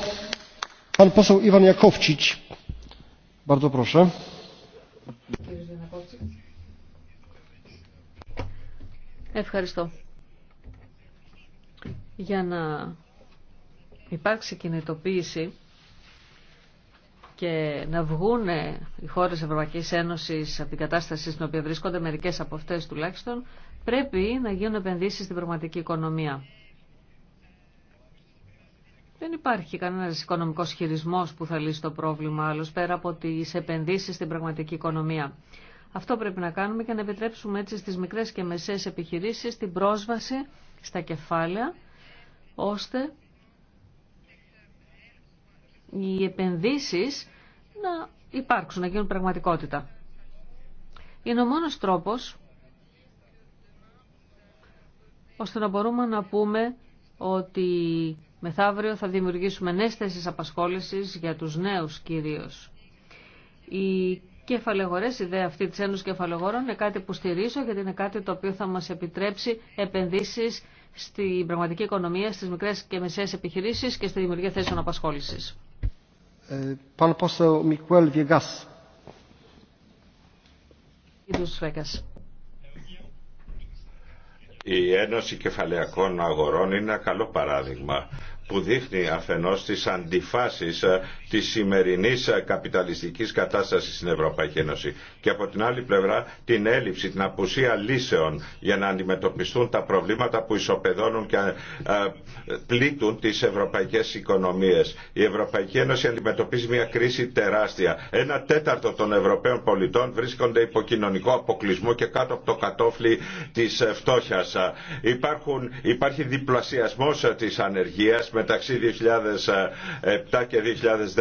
Για να υπάρξει κινητοποίηση και να βγουν οι χώρε Ευρωπαϊκή Ευρωπαϊκής Ένωσης από την κατάσταση στην οποία βρίσκονται, μερικέ από αυτέ τουλάχιστον, πρέπει να γίνουν επενδύσει στην πραγματική οικονομία. Δεν υπάρχει κανένας οικονομικός χειρισμός που θα λύσει το πρόβλημα άλλο πέρα από τι επενδύσεις στην πραγματική οικονομία. Αυτό πρέπει να κάνουμε και να επιτρέψουμε έτσι στις μικρές και μεσαίες επιχειρήσεις την πρόσβαση στα κεφάλαια ώστε οι επενδύσεις να υπάρξουν, να γίνουν πραγματικότητα. Είναι ο μόνος τρόπος ώστε να μπορούμε να πούμε ότι Μεθαύριο θα δημιουργήσουμε νέες θέσεις απασχόλησης για τους νέους κυρίως. Η κεφαλαιγορές ιδέα αυτή της Ένωσης Κεφαλαιγόρων είναι κάτι που στηρίζω γιατί είναι κάτι το οποίο θα μας επιτρέψει επενδύσεις στην πραγματική οικονομία, στις μικρές και μεσαίες επιχειρήσεις και στη δημιουργία θέσεων απασχόλησης. Ε, η Ένωση Κεφαλαιακών Αγορών είναι ένα καλό παράδειγμα που δείχνει αφενός τις αντιφάσεις ε, Τη σημερινή καπιταλιστική κατάσταση στην Ευρωπαϊκή Ένωση και από την άλλη πλευρά την έλλειψη, την απουσία λύσεων για να αντιμετωπιστούν τα προβλήματα που ισοπεδώνουν και ε, πλήττουν τι ευρωπαϊκέ οικονομίε. Η Ευρωπαϊκή Ένωση αντιμετωπίζει μια κρίση τεράστια. Ένα τέταρτο των Ευρωπαίων πολιτών βρίσκονται υπό κοινωνικό αποκλεισμό και κάτω από το κατόφλι τη ε, φτώχεια. υπάρχει διπλασιασμό ε, της ανεργία μεταξύ 2007 και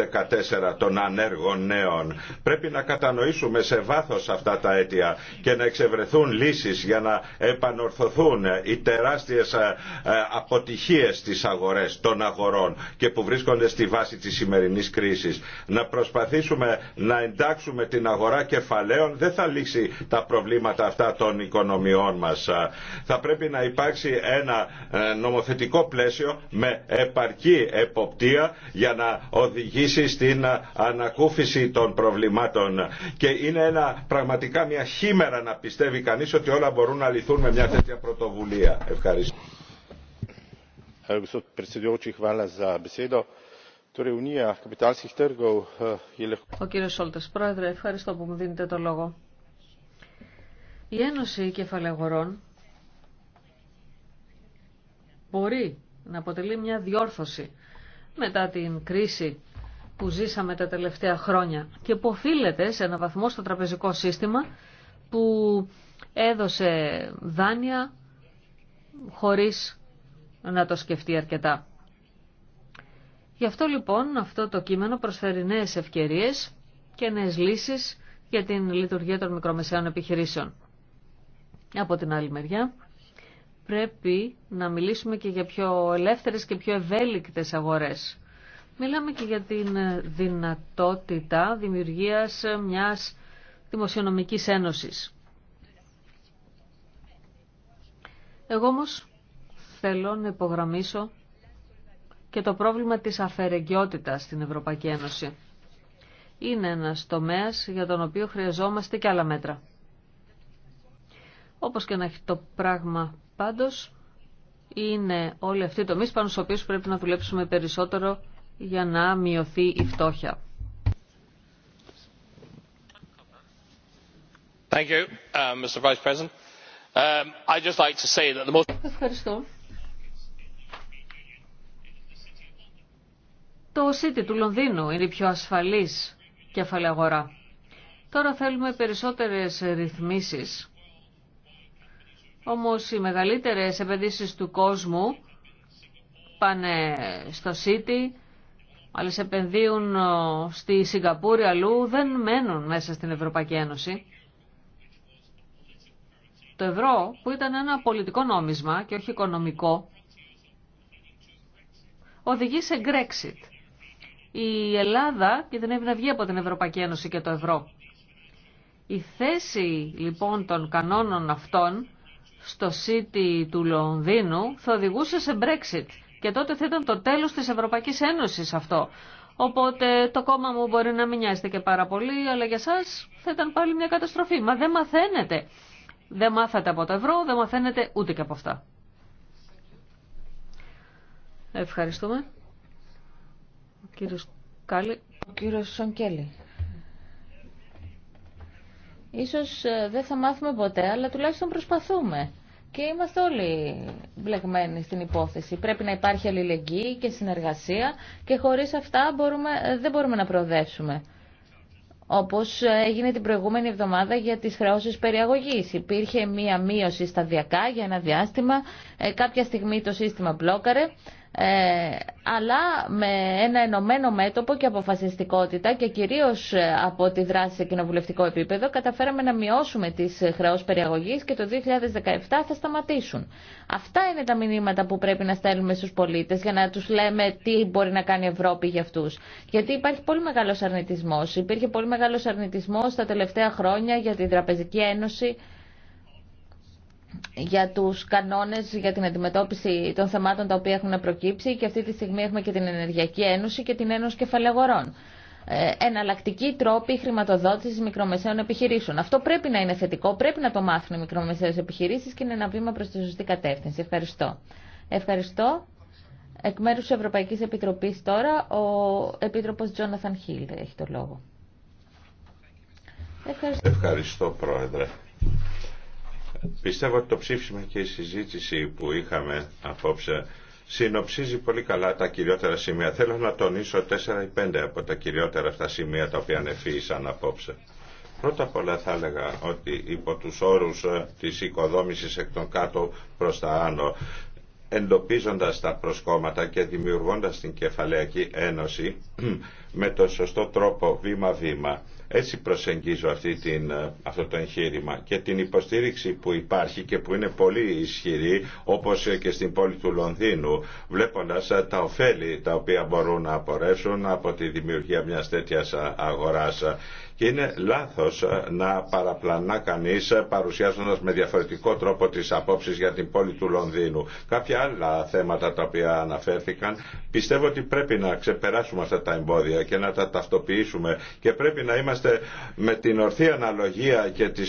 14 των ανέργων νέων. Πρέπει να κατανοήσουμε σε βάθος αυτά τα αίτια και να εξευρεθούν λύσεις για να επανορθωθούν οι τεράστιες ε, ε, αποτυχίες της αγορές, των αγορών και που βρίσκονται στη βάση της σημερινής κρίσης. Να προσπαθήσουμε να εντάξουμε την αγορά κεφαλαίων δεν θα λύσει τα προβλήματα αυτά των οικονομιών μας. Θα πρέπει να υπάρξει ένα ε, νομοθετικό πλαίσιο με επαρκή εποπτεία για να οδηγήσει βοηθήσει στην ανακούφιση των προβλημάτων και είναι ένα, πραγματικά μια χήμερα να πιστεύει κανείς ότι όλα μπορούν να λυθούν με μια τέτοια πρωτοβουλία. Ευχαριστώ. Eh, Ο κύριος Σόλτες, πρόεδρε, ευχαριστώ που μου δίνετε το λόγο. Η Ένωση Κεφαλαγορών μπορεί να αποτελεί μια διόρθωση μετά την κρίση που ζήσαμε τα τελευταία χρόνια και που οφείλεται σε ένα βαθμό στο τραπεζικό σύστημα που έδωσε δάνεια χωρίς να το σκεφτεί αρκετά. Γι' αυτό λοιπόν αυτό το κείμενο προσφέρει νέες ευκαιρίες και νέες λύσεις για την λειτουργία των μικρομεσαίων επιχειρήσεων. Από την άλλη μεριά, πρέπει να μιλήσουμε και για πιο ελεύθερες και πιο ευέλικτες αγορές. Μιλάμε και για την δυνατότητα δημιουργίας μιας δημοσιονομικής ένωσης. Εγώ όμως θέλω να υπογραμμίσω και το πρόβλημα της αφερεγγύοτητας στην Ευρωπαϊκή Ένωση. Είναι ένας τομέας για τον οποίο χρειαζόμαστε και άλλα μέτρα. Όπως και να έχει το πράγμα πάντως, είναι όλοι αυτοί οι τομείς πάνω στους οποίους πρέπει να δουλέψουμε περισσότερο για να μειωθεί η φτώχεια. Ευχαριστώ. Το City του Λονδίνου είναι η πιο ασφαλής κεφαλαία αγορά. Τώρα θέλουμε περισσότερες ρυθμίσεις. Όμως οι μεγαλύτερες επενδύσεις του κόσμου πάνε στο City, Άλλες επενδύουν ε, στη Σιγκαπούρη αλλού, δεν μένουν μέσα στην Ευρωπαϊκή Ένωση. Το ευρώ που ήταν ένα πολιτικό νόμισμα και όχι οικονομικό οδηγεί σε Brexit. Η Ελλάδα κινδυνεύει να βγει από την Ευρωπαϊκή Ένωση και το ευρώ. Η θέση λοιπόν των κανόνων αυτών στο σίτι του Λονδίνου θα οδηγούσε σε Brexit και τότε θα ήταν το τέλος της Ευρωπαϊκής Ένωσης αυτό. Οπότε το κόμμα μου μπορεί να μην νοιάζεται και πάρα πολύ, αλλά για σας θα ήταν πάλι μια καταστροφή. Μα δεν μαθαίνετε. Δεν μάθατε από το ευρώ, δεν μαθαίνετε ούτε και από αυτά. Ευχαριστούμε. Ο κύριος Κάλλη. Ο κύριος Σονκέλη. Ίσως ε, δεν θα μάθουμε ποτέ, αλλά τουλάχιστον προσπαθούμε και είμαστε όλοι μπλεγμένοι στην υπόθεση. Πρέπει να υπάρχει αλληλεγγύη και συνεργασία και χωρίς αυτά μπορούμε, δεν μπορούμε να προοδεύσουμε. Όπως έγινε την προηγούμενη εβδομάδα για τις χρεώσεις περιαγωγής. Υπήρχε μία μείωση σταδιακά για ένα διάστημα, ε, κάποια στιγμή το σύστημα μπλόκαρε ε, αλλά με ένα ενωμένο μέτωπο και αποφασιστικότητα και κυρίως ε, από τη δράση σε κοινοβουλευτικό επίπεδο καταφέραμε να μειώσουμε τις χρεώσεις περιαγωγής και το 2017 θα σταματήσουν. Αυτά είναι τα μηνύματα που πρέπει να στέλνουμε στους πολίτες για να τους λέμε τι μπορεί να κάνει η Ευρώπη για αυτούς. Γιατί υπάρχει πολύ μεγάλος αρνητισμός. Υπήρχε πολύ μεγάλος αρνητισμός τα τελευταία χρόνια για την Τραπεζική Ένωση για τους κανόνες για την αντιμετώπιση των θεμάτων τα οποία έχουν προκύψει και αυτή τη στιγμή έχουμε και την Ενεργειακή Ένωση και την Ένωση Κεφαλαγορών. Ε, εναλλακτικοί τρόποι χρηματοδότηση μικρομεσαίων επιχειρήσεων. Αυτό πρέπει να είναι θετικό, πρέπει να το μάθουν οι μικρομεσαίες επιχειρήσεις και είναι ένα βήμα προ τη σωστή κατεύθυνση. Ευχαριστώ. Ευχαριστώ. Εκ μέρου της Ευρωπαϊκής Επιτροπής τώρα, ο επίτροπο Τζόναθαν Χίλ έχει το λόγο. Ευχαριστώ, Ευχαριστώ Πρόεδρε. Πιστεύω ότι το ψήφισμα και η συζήτηση που είχαμε απόψε συνοψίζει πολύ καλά τα κυριότερα σημεία. Θέλω να τονίσω τέσσερα ή πέντε από τα κυριότερα αυτά σημεία τα οποία ανεφύησαν απόψε. Πρώτα απ' όλα θα έλεγα ότι υπό τους όρους ε, της οικοδόμησης εκ των κάτω προς τα άνω, εντοπίζοντας τα προσκόμματα και δημιουργώντας την κεφαλαϊκή Ένωση με το σωστό τρόπο βήμα-βήμα, έτσι προσεγγίζω αυτή την, ε, αυτό το εγχείρημα και την υποστήριξη που υπάρχει και που είναι πολύ ισχυρή όπως και στην πόλη του Λονδίνου βλέποντας ε, τα ωφέλη τα οποία μπορούν να απορρέψουν από τη δημιουργία μιας τέτοιας ε, αγοράς και είναι λάθος ε, να παραπλανά κανείς ε, παρουσιάζοντας με διαφορετικό τρόπο τις απόψεις για την πόλη του Λονδίνου. Κάποια άλλα θέματα τα οποία αναφέρθηκαν πιστεύω ότι πρέπει να ξεπεράσουμε αυτά τα εμπόδια και να τα ταυτοποιήσουμε και πρέπει να είμαστε με την ορθή αναλογία και τη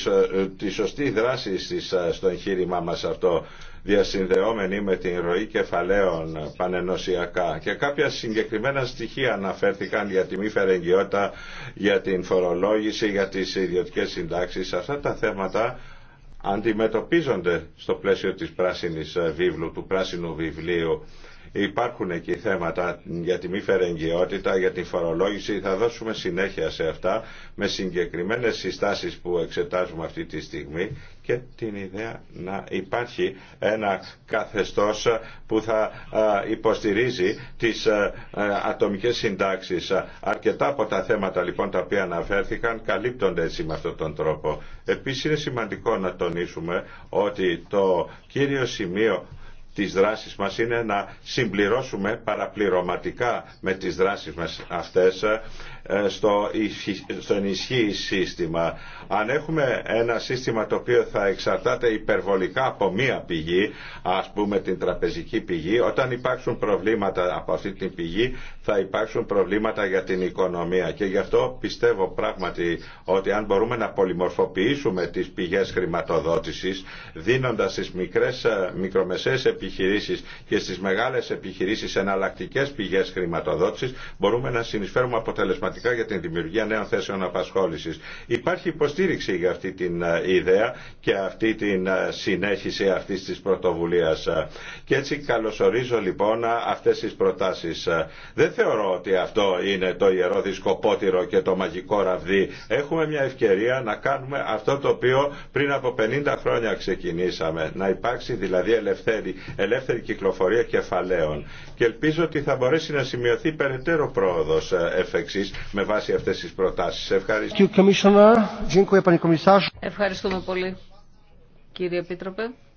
ε, σωστή δράση στο εγχείρημά μας αυτό διασυνδεόμενοι με την ροή κεφαλαίων πανενοσιακά και κάποια συγκεκριμένα στοιχεία αναφέρθηκαν για τη μη φερεγγιότητα, για την φορολόγηση, για τις ιδιωτικές συντάξεις. Αυτά τα θέματα αντιμετωπίζονται στο πλαίσιο της πράσινης ε, βίβλου, του πράσινου βιβλίου Υπάρχουν εκεί θέματα για τη μη φερεγγιότητα, για την φορολόγηση. Θα δώσουμε συνέχεια σε αυτά με συγκεκριμένες συστάσεις που εξετάζουμε αυτή τη στιγμή και την ιδέα να υπάρχει ένα καθεστώς που θα υποστηρίζει τις ατομικές συντάξεις. Αρκετά από τα θέματα λοιπόν τα οποία αναφέρθηκαν καλύπτονται έτσι με αυτόν τον τρόπο. Επίσης είναι σημαντικό να τονίσουμε ότι το κύριο σημείο τις δράσεις μας είναι να συμπληρώσουμε παραπληρωματικά με τις δράσεις μας αυτές ε, στο, στο ενισχύει σύστημα. Αν έχουμε ένα σύστημα το οποίο θα εξαρτάται υπερβολικά από μία πηγή, ας πούμε την τραπεζική πηγή, όταν υπάρξουν προβλήματα από αυτή την πηγή θα υπάρξουν προβλήματα για την οικονομία και γι' αυτό πιστεύω πράγματι ότι αν μπορούμε να πολυμορφοποιήσουμε τις πηγές χρηματοδότησης δίνοντας στις μικρές, ε, μικρομεσαίες επιχειρήσεις και στις μεγάλες επιχειρήσεις εναλλακτικές πηγές χρηματοδότησης μπορούμε να συνεισφέρουμε αποτελεσματικά πραγματικά για την δημιουργία νέων θέσεων απασχόληση. Υπάρχει υποστήριξη για αυτή την ε, ιδέα και αυτή την ε, συνέχιση αυτή τη πρωτοβουλία. Και έτσι καλωσορίζω λοιπόν αυτέ τι προτάσει. Ε, δεν θεωρώ ότι αυτό είναι το ιερό δισκοπότηρο και το μαγικό ραβδί. Έχουμε μια ευκαιρία να κάνουμε αυτό το οποίο πριν από 50 χρόνια ξεκινήσαμε. Να υπάρξει δηλαδή ελεύθερη, ελεύθερη κυκλοφορία κεφαλαίων. Και ελπίζω ότι θα μπορέσει να σημειωθεί περαιτέρω πρόοδο εφ' εξής με βάση αυτές τις προτάσεις. Ευχαριστώ. Ευχαριστούμε πολύ κύριε Επίτροπε.